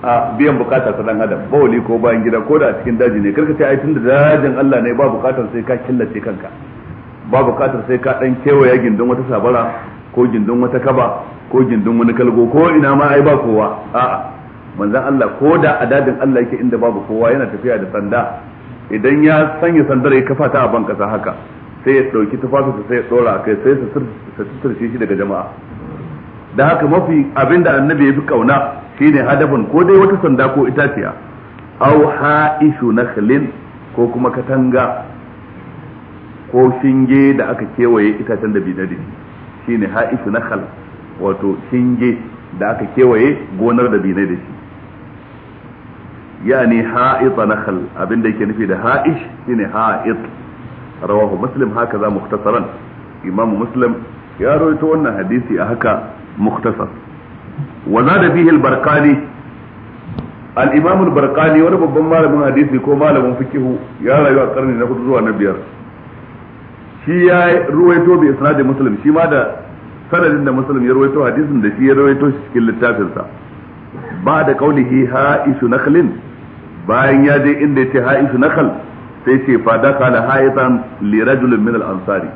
A: a biyan bukatar ta dan adam bawali ko bayan gida ko da a cikin daji ne karka ce ai tunda dajin Allah ne ba bukatar sai ka killace kanka ba bukatar sai ka dan kewaya gindin wata sabara ko gindin wata kaba ko gindin wani kalgo ko ina ma ai ba kowa a'a manzon Allah ko da a dajin Allah yake inda babu kowa yana tafiya da sanda idan ya sanya sandar ya kafa ta a ban kasa haka sai ya dauki tufafinsa sai ya tsora kai sai su suturce shi daga jama'a da haka mafi abinda annabi ya fi kauna shine hadafin ko dai wata sanda ko itaciya au ha'ishu nakhlin ko kuma katanga ko shinge da aka kewaye itacen da bidadi shine ha'ishu khal wato shinge da aka kewaye gonar da bidadi da shi yani ha'ita nakhal abinda yake nufi da ha'ish shine ha'it rawahu muslim haka za mukhtasaran imamu muslim ya rawaito wannan hadisi a haka mukhtasar wa zada fihi al barkani al-imam al wani babban malamin hadisi ko malamin fikihu ya rayu a karni na hudu zuwa na biyar shi ya ruwaito bi isnadin muslim shi ma da sanadin da muslim ya ruwaito hadisin da shi ya ruwaito shi cikin littafinsa ba da kaulihi ha'ishu nakhlin bayan ya je inda yace ha'ishu nakhl sai ce fa dakala haitan li rajulin min al-ansari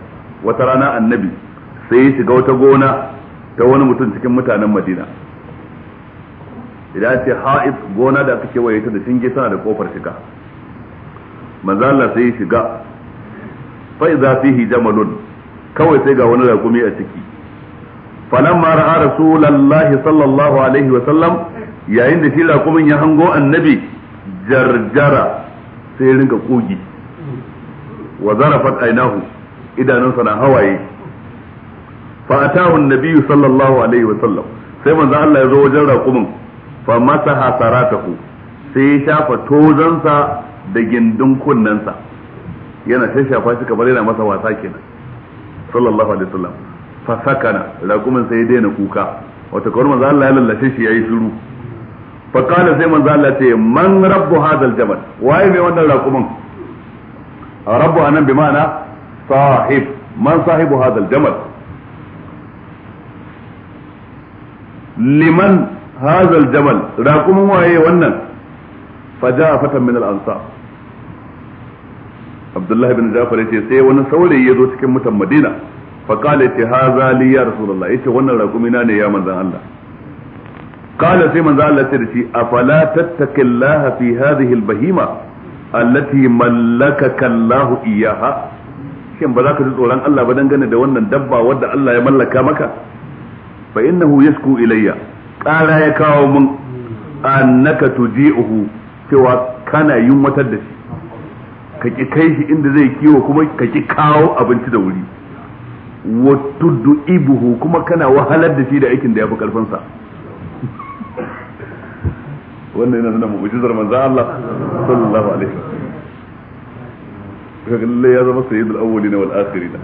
A: wata rana annabi sai ya shiga wata gona ta wani mutum cikin mutanen Madina idan ce ha'if gona da aka kewaye ta da shinge tana da kofar shiga manzo sai ya shiga fa'iza idza fihi jamalun kawai sai ga wani rakumi a ciki falamma ra'a rasulullahi sallallahu alaihi wa sallam yayin da shi rakumin ya hango annabi jarjara sai ya rinka kogi wa zarafat ainahu idanunsa na hawaye fa atahu nabiyyu sallallahu alaihi wa sallam sai manzo Allah ya zo wajen raƙumin fa masaha saratahu sai ya shafa tozansa da gindin sa yana sai shafa shi kamar yana masa wasa kenan sallallahu alaihi wasallam fa sakana raƙumin sai ya daina kuka wato kawar manzo Allah ya lallashe shi yayi shiru fa sai manzo Allah ce man rabbu hadal jabal waye mai wannan raƙumin rabbu anan bi ma'ana sahib man sahibu hadal jabal liman hadal jabal raƙumin waye wannan fa jaa fatan min al ansar Abdullahi bin Jafar yace sai wani saurayi ya zo cikin mutan Madina fa ce yace hadha ya rasulullah yace wannan raƙumina ne ya manzon Allah qala sai manzo Allah da shi afala tattaqillaha fi hadhihi albahima allati mallakaka Allah iyaha shin ba za ka ji tsoron Allah ba dangane da wannan dabba wadda Allah ya mallaka maka fa innahu yasku ilayya qala ya kawo mun annaka tuji'uhu cewa kana yunwatar da shi ka ki kai shi inda zai kiwo kuma ka ki kawo abinci da wuri wa tuddu ibuhu kuma kana wahalar da shi da aikin da ya fi sa wannan yana nuna mu'jizar manzo Allah sallallahu alaihi wasallam kaga lalle ya zama sayyidul awwalina wal akhirina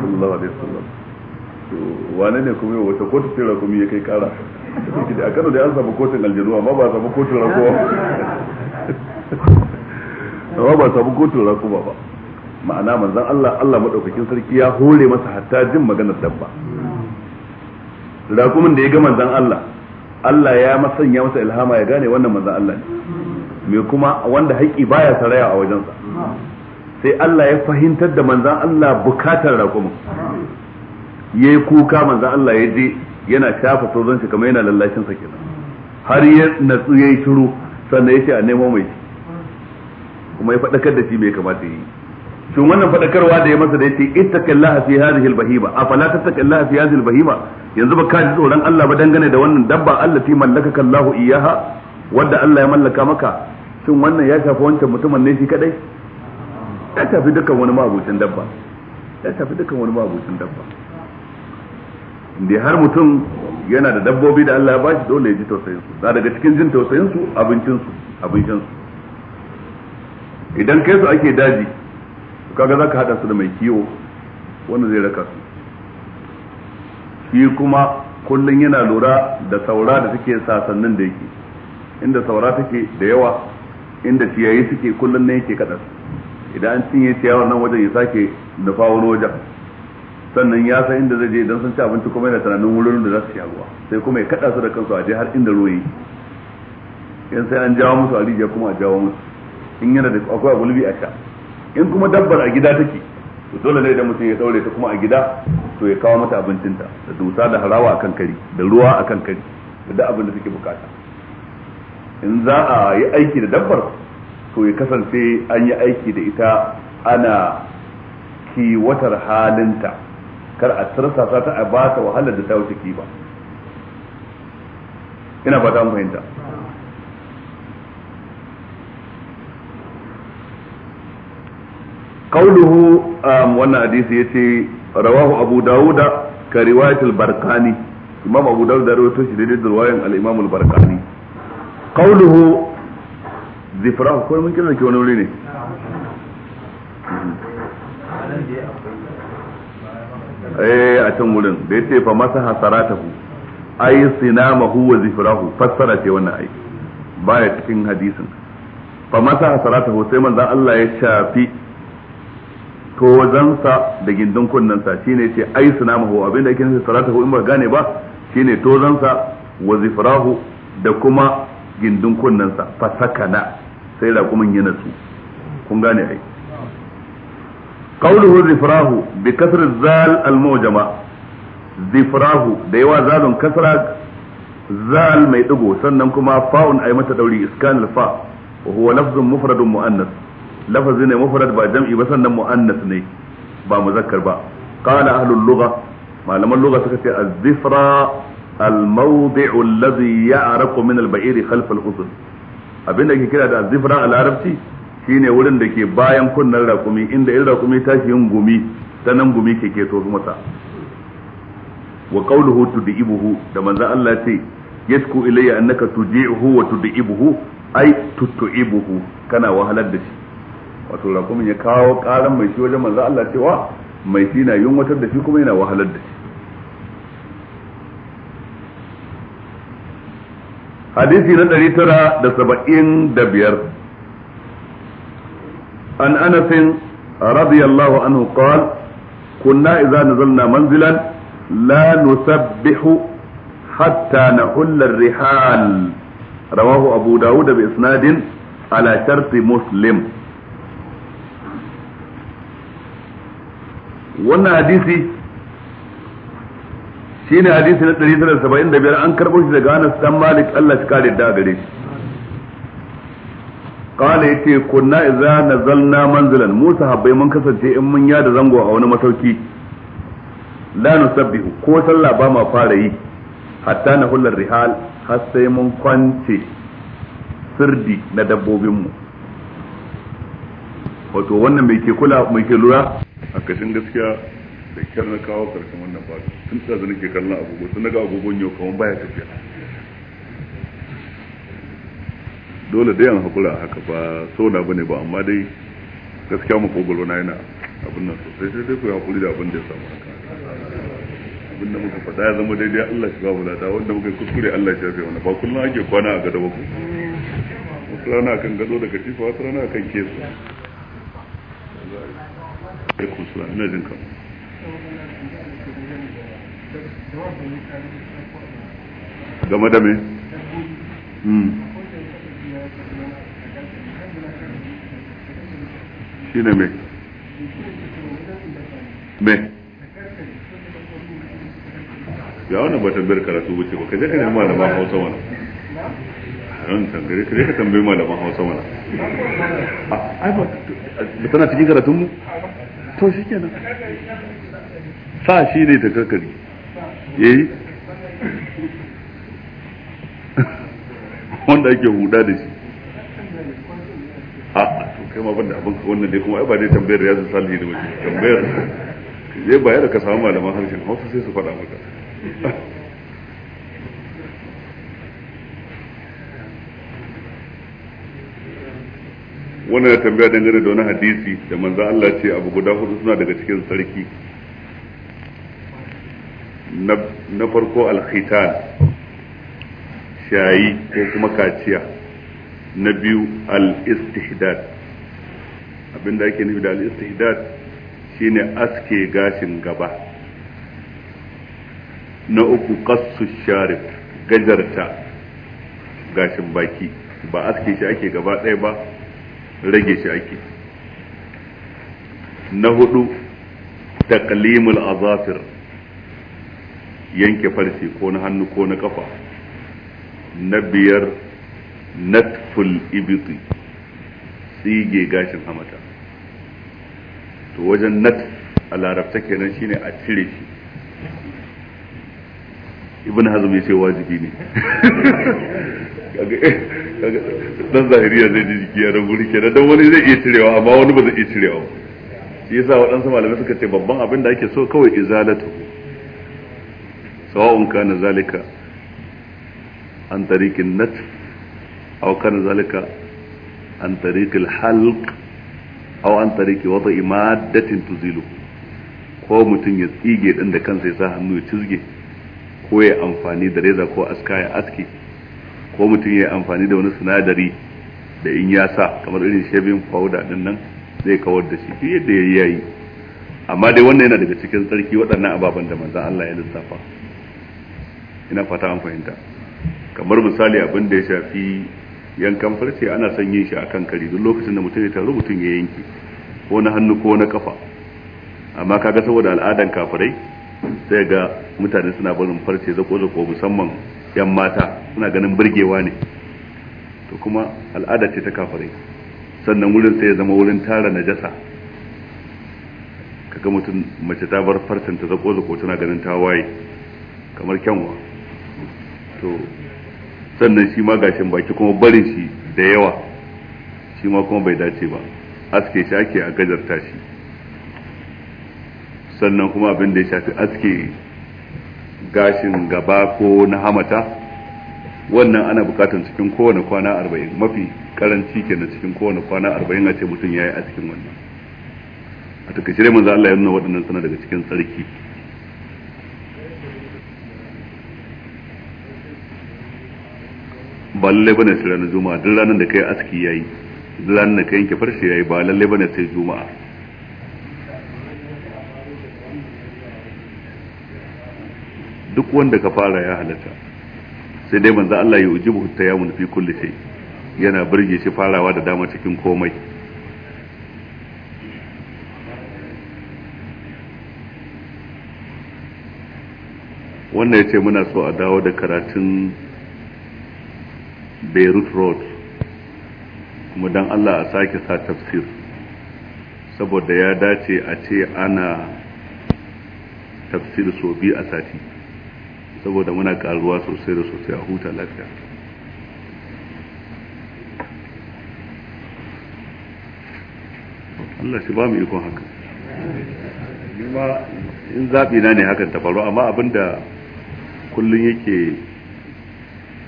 A: sallallahu alaihi wasallam to wane ne kuma wata kotu tira kuma ya kai kara kike da akano da an samu kotun aljanu amma ba samu kotun rakowa amma ba samu kotun rakowa ba ma'ana manzon Allah Allah madaukakin sarki ya hore masa hatta jin maganar dabba rakumin da ya ga manzon Allah Allah ya masanya masa ilhama ya gane wannan manzan Allah ne me kuma wanda haƙi baya saraya a wajensa sai Allah ya fahimtar da manzan Allah bukatar raƙumin yayi kuka manzan Allah ya je yana shafa sozon shi kamar yana lallashin sa kenan har ya natsu yayi shiru sannan ya ce a nemo mai kuma ya faɗakar da shi mai kamata yi shin wannan fadakarwa da ya masa da yace ittaqillaha fi hadhihi albahima afala tattaqillaha fi hadhihi albahima yanzu ba ka ji tsoron Allah ba dangane da wannan dabba Allah allati mallakaka kallahu iyaha wanda Allah ya mallaka maka shin wannan ya shafi wancan mutumin ne shi kadai ya shafi dukkan wani mabucin dabba ya shafi dukkan wani mabucin dabba inda har mutum yana da dabbobi da Allah ya bashi dole ya ji tausayin su daga cikin jin tausayin su abincin su abincin su idan kai su ake daji kaga zaka hada su da mai kiwo wanda zai raka su shi kuma kullun yana lura da saura da suke sasannin da yake inda saura take da yawa inda ciyayi suke kullun ne yake kada idan an cinye ciyawar nan wajen ya sake nufa wani wajen sannan ya san inda zai je idan sun ci abinci kuma yana tunanin wurin da za su sha ruwa sai kuma ya kada su da kansu a je har inda ruwa yake in sai an jawo musu a rijiya kuma a jawo musu in yana da akwai gulbi a sha in kuma dabbar a gida take to dole ne da mutum ya daure ta kuma a gida to ya kawo mata abincinta da dusa da harawa akan kari da ruwa akan kari da duk abin da take bukata in za a yi aiki da dabbar to ya kasance an yi aiki da ita ana kiwatar halinta kar a tarsasa ta a ba ta wahalar da ta wuce kiba ina ba ta fahimta قوله وانا حديث يتي رواه أبو داود كرواية البرقاني إمام أبو داود رويته شديد رواية الإمام البرقاني قوله zifra ko mun kira ki wani wuri ne eh a can wurin da yace fa masaha saratahu ay sinamahu wa zifrahu fassara ce wannan ai baya cikin hadisin fa masaha saratahu sai manzon Allah ya shafi tozansa da gindin kunnansa shine ce ai sunamahu da ake nufi salatahu in ba gane ba shine tozansa wa zifrahu da kuma gindin kunnansa fa sakana sai kuma ya nasu kun gane ai qawluhu zifrahu bi kasr zal al mujama zifrahu da yawa zalun kasra zal mai digo sannan kuma fa'un ai mata dauri iskan al fa wa huwa lafzun mufradun muannas lafazi ne mufrad ba jam'i ba sannan mu'annas ne ba muzakkar ba qala ahlul lugha malaman lugha suka ce az-zifra al-mawdi'u alladhi ya'raqu min al-ba'ir khalf al-udhun abinda ke kira da az-zifra a larabci shine wurin da ke bayan kunnan rakumi inda in rakumi tashi yin gumi ta nan gumi ke keto masa wa qawluhu tud'ibuhu da manzo Allah ce yasku ilayya annaka tuji'uhu wa tud'ibuhu ay buhu kana wahalar da shi wato rakumin ya kawo karan mai shi wajen manzo Allah cewa mai shi na yunwatar da shi kuma yana wahalar da shi hadisi na 975 an anas radiyallahu anhu qala kunna idza nazalna manzilan la nusabbihu hatta nahulla ar-rihal rawahu abu daud bi isnadin ala sharti muslim wannan hadisi shi ne hadisi na 175 an karbo shi daga Anas dan Malik Allah shi kare da gare shi ya yace kunna idza nazalna manzilan Musa sahabbai mun kasance in mun yada zango a wani masauki la nusabbihu ko sallah ba ma fara yi hatta na hullar rihal har sai mun kwance sirdi na dabbobinmu wato wannan mai ke kula mai ke lura a kashin gaskiya da kyar na kawo karshen wannan ba tun da zan ke kallon agogo tun daga agogon yau kawon baya tafiya dole dai an hakura haka ba na bane ba amma dai gaskiya mu kogolo na yana abin nan sosai sai dai ku hakuri da abin da ya samu haka abin da muka faɗa ya zama daidai Allah shi ba mu lada wanda muka kuskure Allah shi ya fi wani ba kullum ake kwana a gada ba ku wasu rana kan gado da katifa wasu rana kan kesa alaikum salam ina jin ka game da me shi ne me me ya wani ba tambayar karatu wuce ba kaje ka ne malaman hausa wani an tangare ka ka cikin karatun mu to shi nan sa shi ne ta kakari yayi eh? wanda ake huda da shi a to kai ma banda abin wannan dai kuma ai ba dai tambayar ya san salihi da wace tambayar zai bayar ka samu malaman harshen hausa sai su faɗa maka wannan ya tambaya dangane da wani hadisi da manzan Allah ce abu guda hudu suna daga cikin sarki na farko alkhitan shayi ko kuma kaciya na biyu al-istihdad abinda ake nufi da al-istihdad shine aske gashin gaba na uku kasu sharif gajarta gashin baki ba aske shi ake gaba ɗaya ba rage shi ake na hudu taqlimul azafir yanke farce ko na hannu ko na kafa na biyar natful ibiti tsige gashin hamata to wajen nat a larabta kenan shine a cire shi ibn hazm ya ce wajibi ne dan zahiriya zai ji jiki a ranguri kenan dan wani zai iya cirewa amma wani ba zai iya cirewa shi yasa waɗansu malamai suka ce babban abin da ake so kawai izalatu sawa'un kana zalika an tariqin nat aw kana zalika an tariqil halq aw an tariqi wada'i imadatin tuzilu ko mutum ya tsige din da kansa ya sa hannu ya cizge ko ya amfani da reza ko aska ya aske ko mutum ya amfani da wani sinadari da in ya sa kamar irin shebin fauda din nan zai kawar da shi duk yadda yayi yayi amma dai wannan yana daga cikin tsarki waɗannan ababen da manzan Allah ya lissafa ina fata an fahimta kamar misali abin da ya shafi yankan farce ana son yin shi akan kari duk lokacin da mutum ya taru mutum ya yanke ko na hannu ko na kafa amma kaga saboda al'adan kafirai sai ga mutane suna barin farce zako zako musamman yan mata suna ganin burgewa ne to kuma al'ada ce ta kafare. sannan wurin sai ya zama wurin tara najasa kaga mutum mace ta bar farcen ta zako zako tana ganin ta waye kamar kyanwa to sannan shi ma gashin baki kuma barin shi da yawa shi ma kuma bai dace ba aske shi ake a gajarta shi sannan kuma abin da ya shafi aske gashin gaba ko na hamata wannan ana bukatar cikin kowane kwana arba'in mafi karanci kenan cikin kowane kwana arba'in a ce mutum ya yi a cikin wannan a takaice dai manzo Allah ya nuna waɗannan sana daga cikin tsarki ba lallai bane sai ranar juma'a duk ranar da kai aski yayi duk ranar da kai yanke farce yayi ba lallai bane sai juma'a duk wanda ka fara ya halatta sai dai manzo Allah ya ujibu ya fi kulli shay yana burge shi farawa da dama cikin komai wannan yace muna so a dawo da karatun beirut road kuma dan allah a sake sa tafsir saboda ya dace a ce ana tafsir so biyu a sati saboda muna karuwa sosai da sosai a huta lafiya Allah shi ba mu ikon haka in zaɓi na ne hakan ta faru amma abinda kullum yake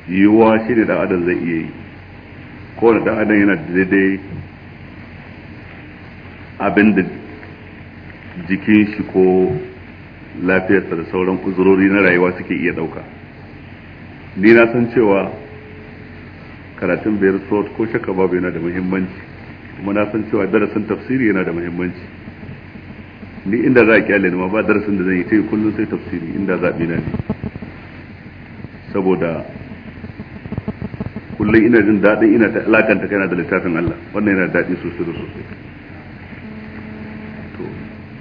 A: yiwuwa shi ne dan zai iya yi kowane da adam yana daidai abinda jikin shi ko lafiyarsa da sauran uzurori na rayuwa suke iya ɗauka ni na san cewa karatun bayar sot ko shakka babu yana da muhimmanci kuma na san cewa darasin tafsiri yana da muhimmanci ni inda za a kyale ma ba darasin da zan yi ta yi kullum sai tafsiri inda zaɓi na ne saboda kullum ina jin daɗin ina ta alakanta kaina da littafin Allah wannan yana daɗi sosai da sosai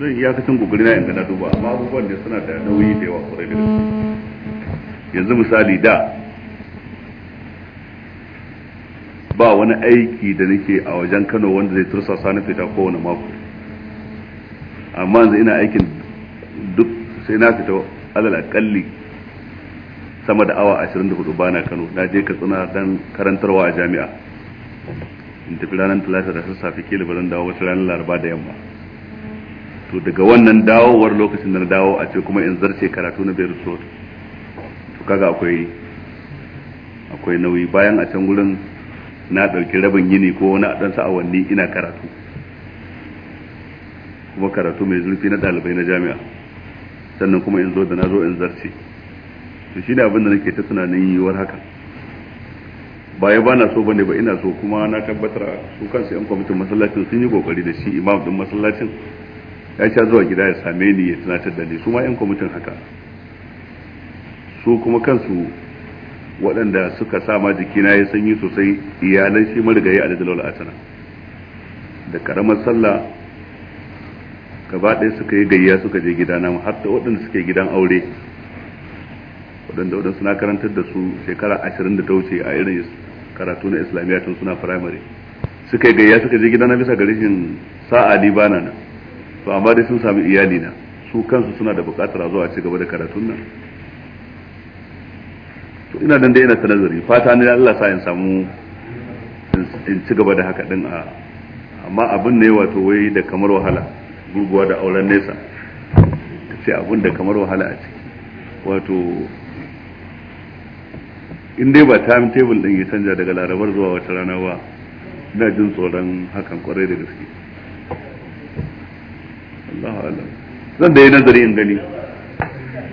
A: zan iya kacin kokari na yanka na duba amma abubuwan da suna da nauyi da yawa kwarai da yanzu misali da ba wani aiki da nake a wajen Kano wanda zai tursasa na fita kowane mako amma yanzu ina aikin duk sai na fita alal akalli sama da awa 24 bana Kano na je Katsina dan karantarwa a jami'a in tafi ranar talata da sassafe kila ba dawo wata ranar laraba da yamma to daga wannan dawowar lokacin da na dawo a ce kuma in zarce karatu na Beirut to kaga akwai akwai nauyi bayan a can gurin na ɗauki rabin yini ko wani ɗan sa'awanni ina karatu kuma karatu mai zurfi na ɗalibai na jami'a sannan kuma in zo da na zo in zarce to shi ne abin da nake ta tunanin yiwuwar haka baya ya ba na so bane ba ina so kuma na tabbatar su kansu yan kwamitin masallacin sun yi kokari da shi imam din masallacin ya sha zuwa gida ya same ni ya tunatar da ni su ma yan kwamitin haka su kuma kansu waɗanda suka sa ma jikina ya sanyi sosai iyalan shi marigayi a dajalar asana da karamar sallah gaba ɗaya suka yi gayya suka je gidana har da waɗanda suke gidan aure waɗanda waɗanda na karantar da su shekara ashirin da ta wuce a irin karatu na islamiyya tun suna firamare suka yi gayya suka je na bisa ga rashin sa'a ni bana nan to amma dai sun sami iyali na su kansu suna da bukatar a zuwa ci gaba da karatun nan to ina dan dai ina ta nazari fata ne Allah sa in samu in ci gaba da haka din a amma abin ne wato wai da kamar wahala gurguwa da auren nesa sai abin da kamar wahala a ciki wato in dai ba time table din ya canja daga larabar zuwa wata rana ba ina jin tsoron hakan kwarai da gaske Allah Allah zan da yi nazari in gani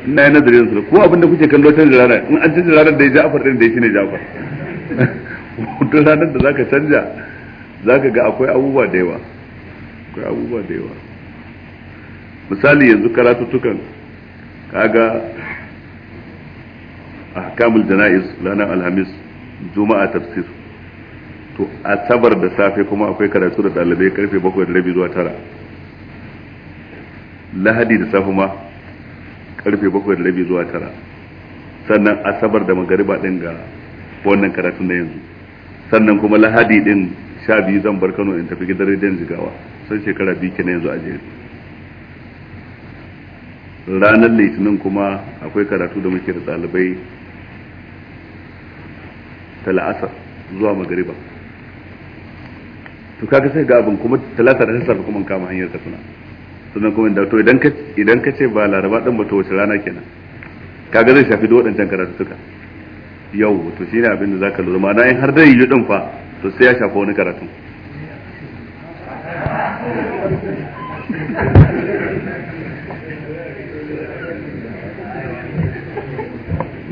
A: ina yi nazarin su ko abinda kuke kallo canza ranar in an canza ranar da ya Ja'far ɗin da ya shine Ja'far wata ranar da zaka canja zaka ga akwai abubuwa da yawa akwai abubuwa da yawa misali yanzu karatutukan kaga ahkamul jana'iz ranar alhamis juma'a tafsir to asabar da safe kuma akwai karatu da ɗalibai karfe bakwai da rabi zuwa tara lahadi da safe ma karfe bakwai da rabi zuwa tara sannan asabar da magariba din ga wannan karatun na yanzu sannan kuma lahadi din sha biyu zan bar kano in tafi gidan rediyon jigawa sai shekara biyu kenan yanzu a jere ranar litinin kuma akwai karatu da muke da ɗalibai tala'asar zuwa magariba to kaga sai ga abin kuma talata da sarfa kuma kama hanyar katsina sunan kuma da to idan ka idan ka ce ba laraba din ba to wace rana kenan kaga zai shafi duk waɗancan karatu suka yau to shine abin da zaka lura ma'ana in har dai yi din fa to sai ya shafa wani karatu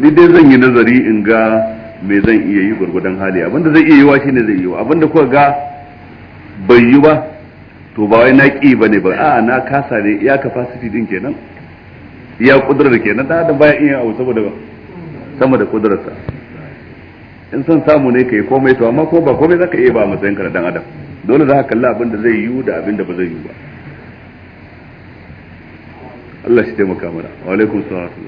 A: ni dai zan yi nazari in ga me zan iya yi gurgudan hali abinda zai iya yi wa shine zai yi wa abinda kuka ga bai yi ba to ba wai na ƙi ba ne ba a na kasa ne ya capacity din kenan ya da kenan da baya iya abu saboda ba sama da kudurarsa in son samu ne yi komai to amma ko ba komai za ka iya ba a matsayin ka dan adam dole za ka kalli abin da zai yiwu da abin da ba zai yiwu ba Allah shi taimaka mana wa alaikum salam wa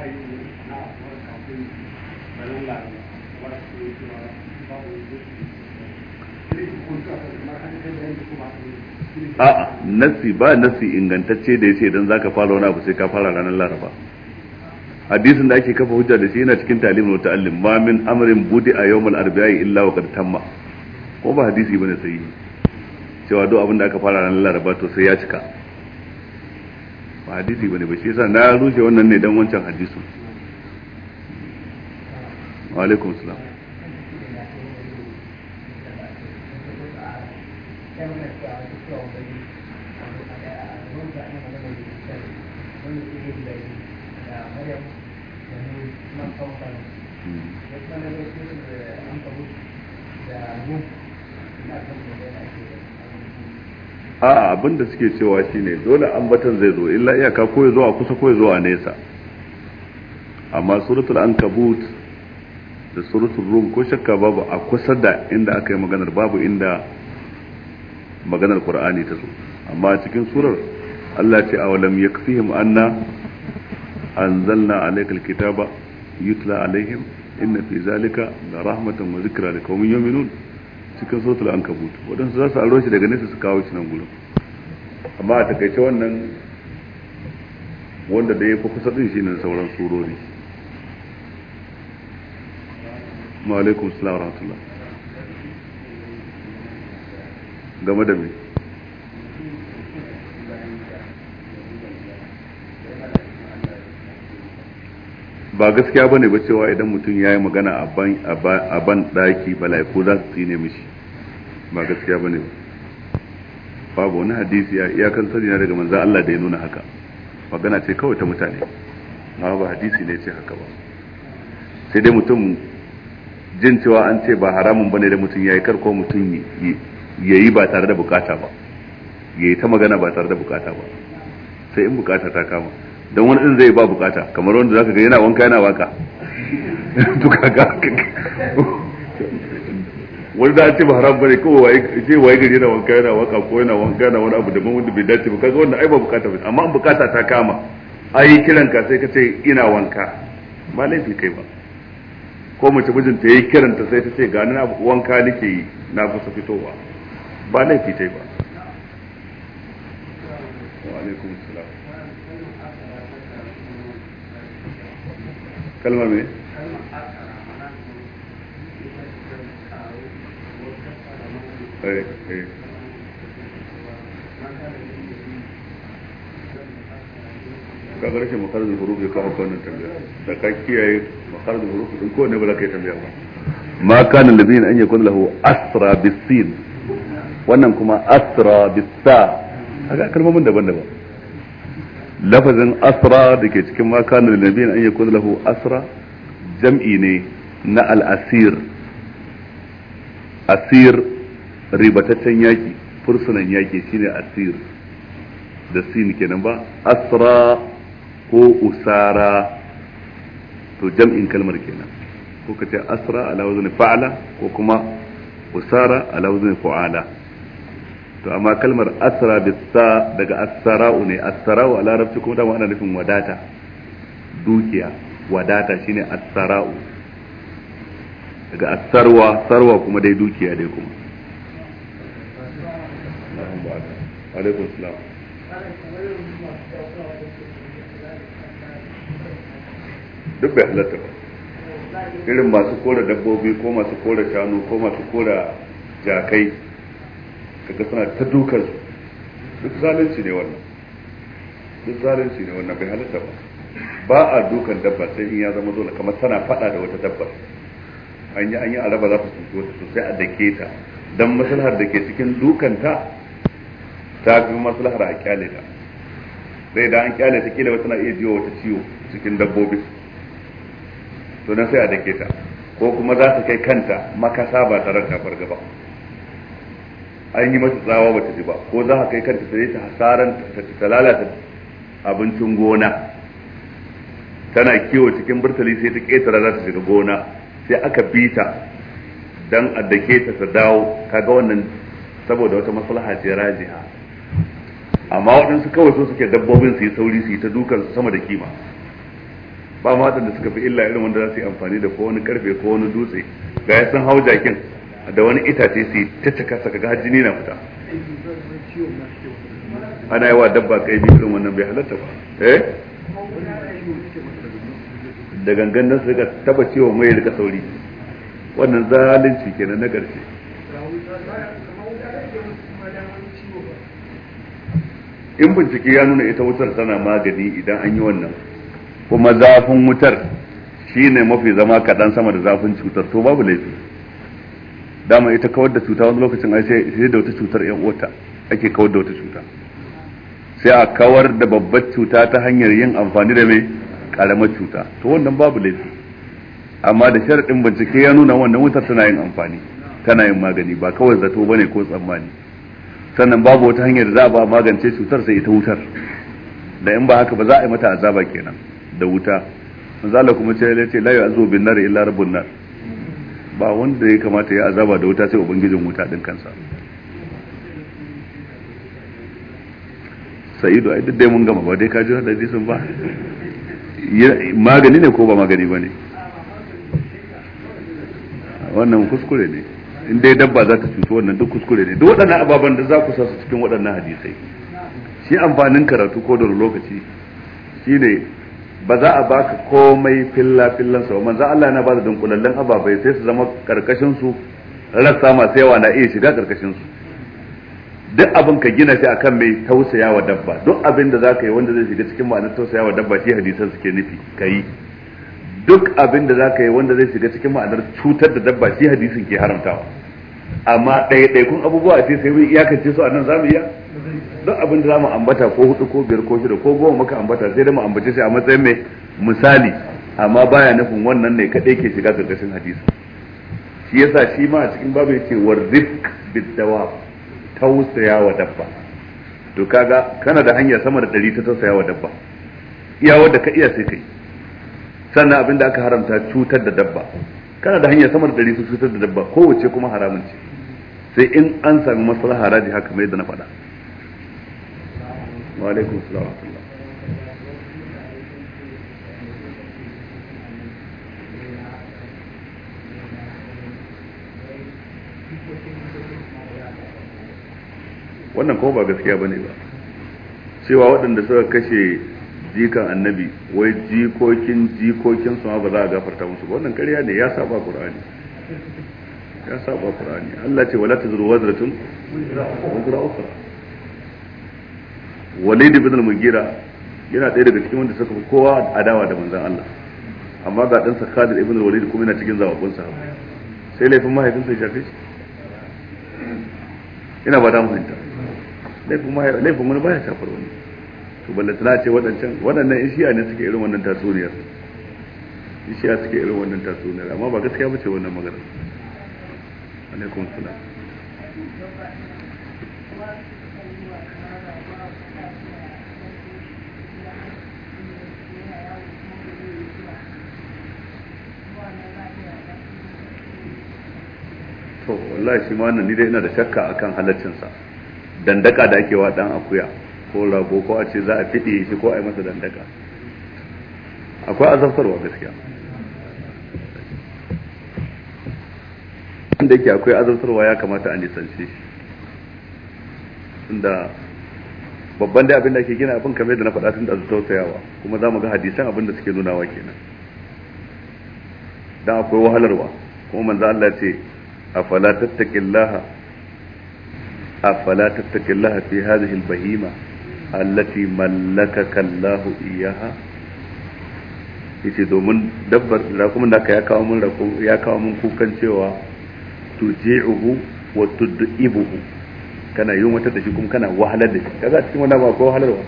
B: da a'a
A: Nasi, ba Nasi ingantacce da yace idan zaka fara wani abu sai ka fara ranar laraba hadisin da ake kafa hujja da shi yana cikin talibin wata allin ma min amrin budi a yawmal arba'i illa wa tamma ko ba hadisi bane sai cewa duk abin da aka fara ranar laraba to sai ya cika ba hadisi bane ba shi yasa na rushe wannan ne dan wancan hadisin wa alaikum salam a'a abin suke cewa shine dole batan zai zo illa iyaka ko ya zo kusa ko ya a nesa amma suratul ankabut da surutun rum ko shakka babu a kusa da inda aka yi maganar babu inda maganar qur'ani ta zo amma cikin surar Allah ce awalam yakfihim anna anzalna alaikal kitaba yutla alaihim inna fi zalika la rahmatan wa zikra liqaumin yu'minun cikin suratul ankabut wadansu za su aro shi daga nesa su kawo shi nan gudu. amma a takaice wannan wanda da ya fi kusa din ne sauran surori ma'alaikun alaikum salam game da mai ba gaskiya bane ba cewa idan mutum ya yi magana a ban daki mala'iku za su tsine mishi ba gaskiya bane ba babu wani hadisi ya kan sani na daga manzan Allah da ya nuna haka magana ce kawai ta mutane ba ba hadisi ne ce haka ba sai dai mutum jin cewa an ce ba haramun bane da mutum yayi karko mutum ya yi ba tare da bukata ba ya yi ta magana ba tare da bukata ba sai in bukata ta kama don wani din zai ba bukata kamar wanda zaka ga yana wanka yana waka wani da ce ba haram bane ko wai ce wai gari yana wanka yana waka ko yana wanka yana wani abu daban wanda bai dace ba kaga wanda ai ba bukata ba amma in bukata ta kama ai kiran ka sai ka ce ina wanka ba laifi kai ba ko mace mijinta ya yayi kiranta sai ta ce ga ni wanka nake yi na kusa fitowa ba laifi tai ba wa alaikum kalmar me eh eh rashin hurufi ka hauka wannan tambaya da ka kiyaye ba ka yi tambaya ma daban-daban lafazin asra da ke cikin ma labin an yakun lahu asra jam'i ne na al'asir asir ribataccen yaki fursunan yaki shine asir da sin kenan ba asra ko usara to jam'in kalmar kenan ko ka ce asra ala wazni fa'ala ko kuma usara ala wazni fa'ala to amma kalmar asra bisa daga asra'u ne asra'u a larabci kuma dama ana nufin wadata dukiya wadata shine asra'u daga asarwa sarwa kuma dai dukiya dai kuma alaikum salam duk bai halatta ba irin masu kora dabbobi ko masu kora shanu ko masu kora jakai kaga suna ta dukar su duk zalunci ne wannan duk zalunci ne wannan bai halatta ba ba a dukan dabba sai in ya zama dole kamar tana fada da wata dabba an yi an yi araba za ta tsinci wata sosai a dake ta dan maslahar da ke cikin dukan ta fi maslahar a kyale ta sai da an kyale ta kila wata na iya jiwa wata ciwo cikin dabbobi to nan sai a dake ta ko kuma za ta kai kanta makasa ba tare da farga ba an yi mata tsawa ba ta ji ba ko za ka kai kanta ta ta hasaran ta lalata abincin gona tana kiwo cikin burtali sai ta ketara za ta shiga gona sai aka bi ta dan a dake ta ta dawo kaga wannan saboda wata maslaha ce rajiha amma waɗansu kawai so suke dabbobin su yi sauri su yi ta dukan sama da kima ba matan da suka fi illa irin wanda za su yi amfani da ko wani karfe ko wani dutse ga ya san hau jakin da wani itace su ta cika saka ga jini na fita
B: ana yi wa dabba
A: kai bi irin wannan bai halatta ba eh da gangan nan suka taba ciwon mai rika sauri wannan zalunci kenan na karshe in bincike ya nuna ita wutar tana magani idan an yi wannan kuma zafin wutar shine mafi zama kaɗan sama da zafin cutar to babu laifi dama ita kawar da cuta wani lokacin ai sai da wata cutar yan uwata ake kawar da wata cuta sai a kawar da babbar cuta ta hanyar yin amfani da mai karamar cuta to wannan babu laifi amma da sharaɗin bincike ya nuna wannan wutar tana yin amfani tana yin magani ba kawai zato bane ko tsammani sannan babu wata hanyar da za a ba magance cutar sai ita wutar da in ba haka ba za a yi mata azaba kenan da wuta zala kuma ce ya ce la azu bin nari illa rabbun nar ba wanda ya kamata ya azaba da wuta sai ubangijin wuta din kansa sa'idu ai duk dai mun gama ba dai ka ji hadisin ba magani ne ko ba magani ba ne wannan kuskure ne in dai dabba za ta cutu wannan duk kuskure ne duk waɗannan ababen da za ku sa su cikin waɗannan hadisai shi amfanin karatu ko da lokaci shi ne ba za a baka komai filla fillan sa za Allah yana ba da dunkulallen ababai sai su zama karkashin su rassa masu yawa na iya shiga karkashin su duk abin ka gina shi akan mai tausaya wa dabba duk abin da zaka yi wanda zai shiga cikin ma'anar tausaya wa dabba shi hadisan suke nufi kai duk abin da zaka yi wanda zai shiga cikin ma'anar cutar da dabba shi hadisin ke haramtawa amma ɗaya ɗaya kun abubuwa ce sai mun iyakance su a nan zamu iya duk abin da za mu ambata ko hudu ko biyar ko shida ko goma muka ambata sai dai mu ambace shi a matsayin mai misali amma baya nufin wannan ne kadai ke shiga karkashin hadisi shi yasa shi ma a cikin babu yake warzik bidawa tausaya wa dabba to kaga kana da hanya sama da ɗari ta tausaya wa dabba iya wadda ka iya sai kai sannan abin da aka haramta cutar da dabba kana da hanya sama da ɗari ta cutar da dabba kowace kuma haramun ce sai in an sami maslaha raji haka mai da na faɗa wa alaikum wa wannan kuma ba gaskiya ba ne ba cewa waɗanda suka kashe jikan annabi wai jikokin jikokin su ba za a gafarta musu ba wannan ƙarya ne ya saba qur'ani ya saba qur'ani Allah ce wala tazuru wazratun wazra ukhra walid ibn al-mugira yana ɗaya daga cikin wanda suka fi kowa adawa da manzon Allah amma ga dan sakadir ibn al-Walid kuma yana cikin zawabun sa sai laifin mahaifinsa ya shafi shi ina ba da mutunta laifin mahaifin laifin wani baya shafar wani to balle tana ce waɗancan waɗannan ishiya ne suke irin wannan tatsuniyar ishiya suke irin wannan tatsuniyar amma ba gaskiya ba ce wannan magana alaikum salam wallahi shi ma nan ni dai ina da shakka akan halaccin sa dandaka da ake wa dan akuya ko rago ko a ce za a fiɗe shi ko a yi masa dandaka akwai azabtarwa gaskiya inda yake akwai azabtarwa ya kamata a nisance shi babban dai abin da ke gina abin kamar da na faɗa tun da tautayawa kuma za mu ga hadisan abin da suke nunawa kenan dan akwai wahalarwa kuma manzo Allah ce afala tattaqillaha afala tattaqillaha fi hadhihi al-bahima allati mallakaka Allah iyaha yace domin dabbar rakumin mun kukan cewa tuji'uhu wa tud'ibuhu kana yin wata da kana wahalar da shi kaga cikin wannan ba ko wahalarwa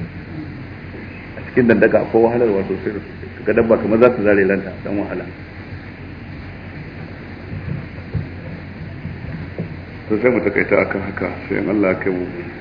A: a cikin dandaka ko dabba kamar za ta zare dan wahala to sai mu takaita akan haka sai in Allah ya kai mu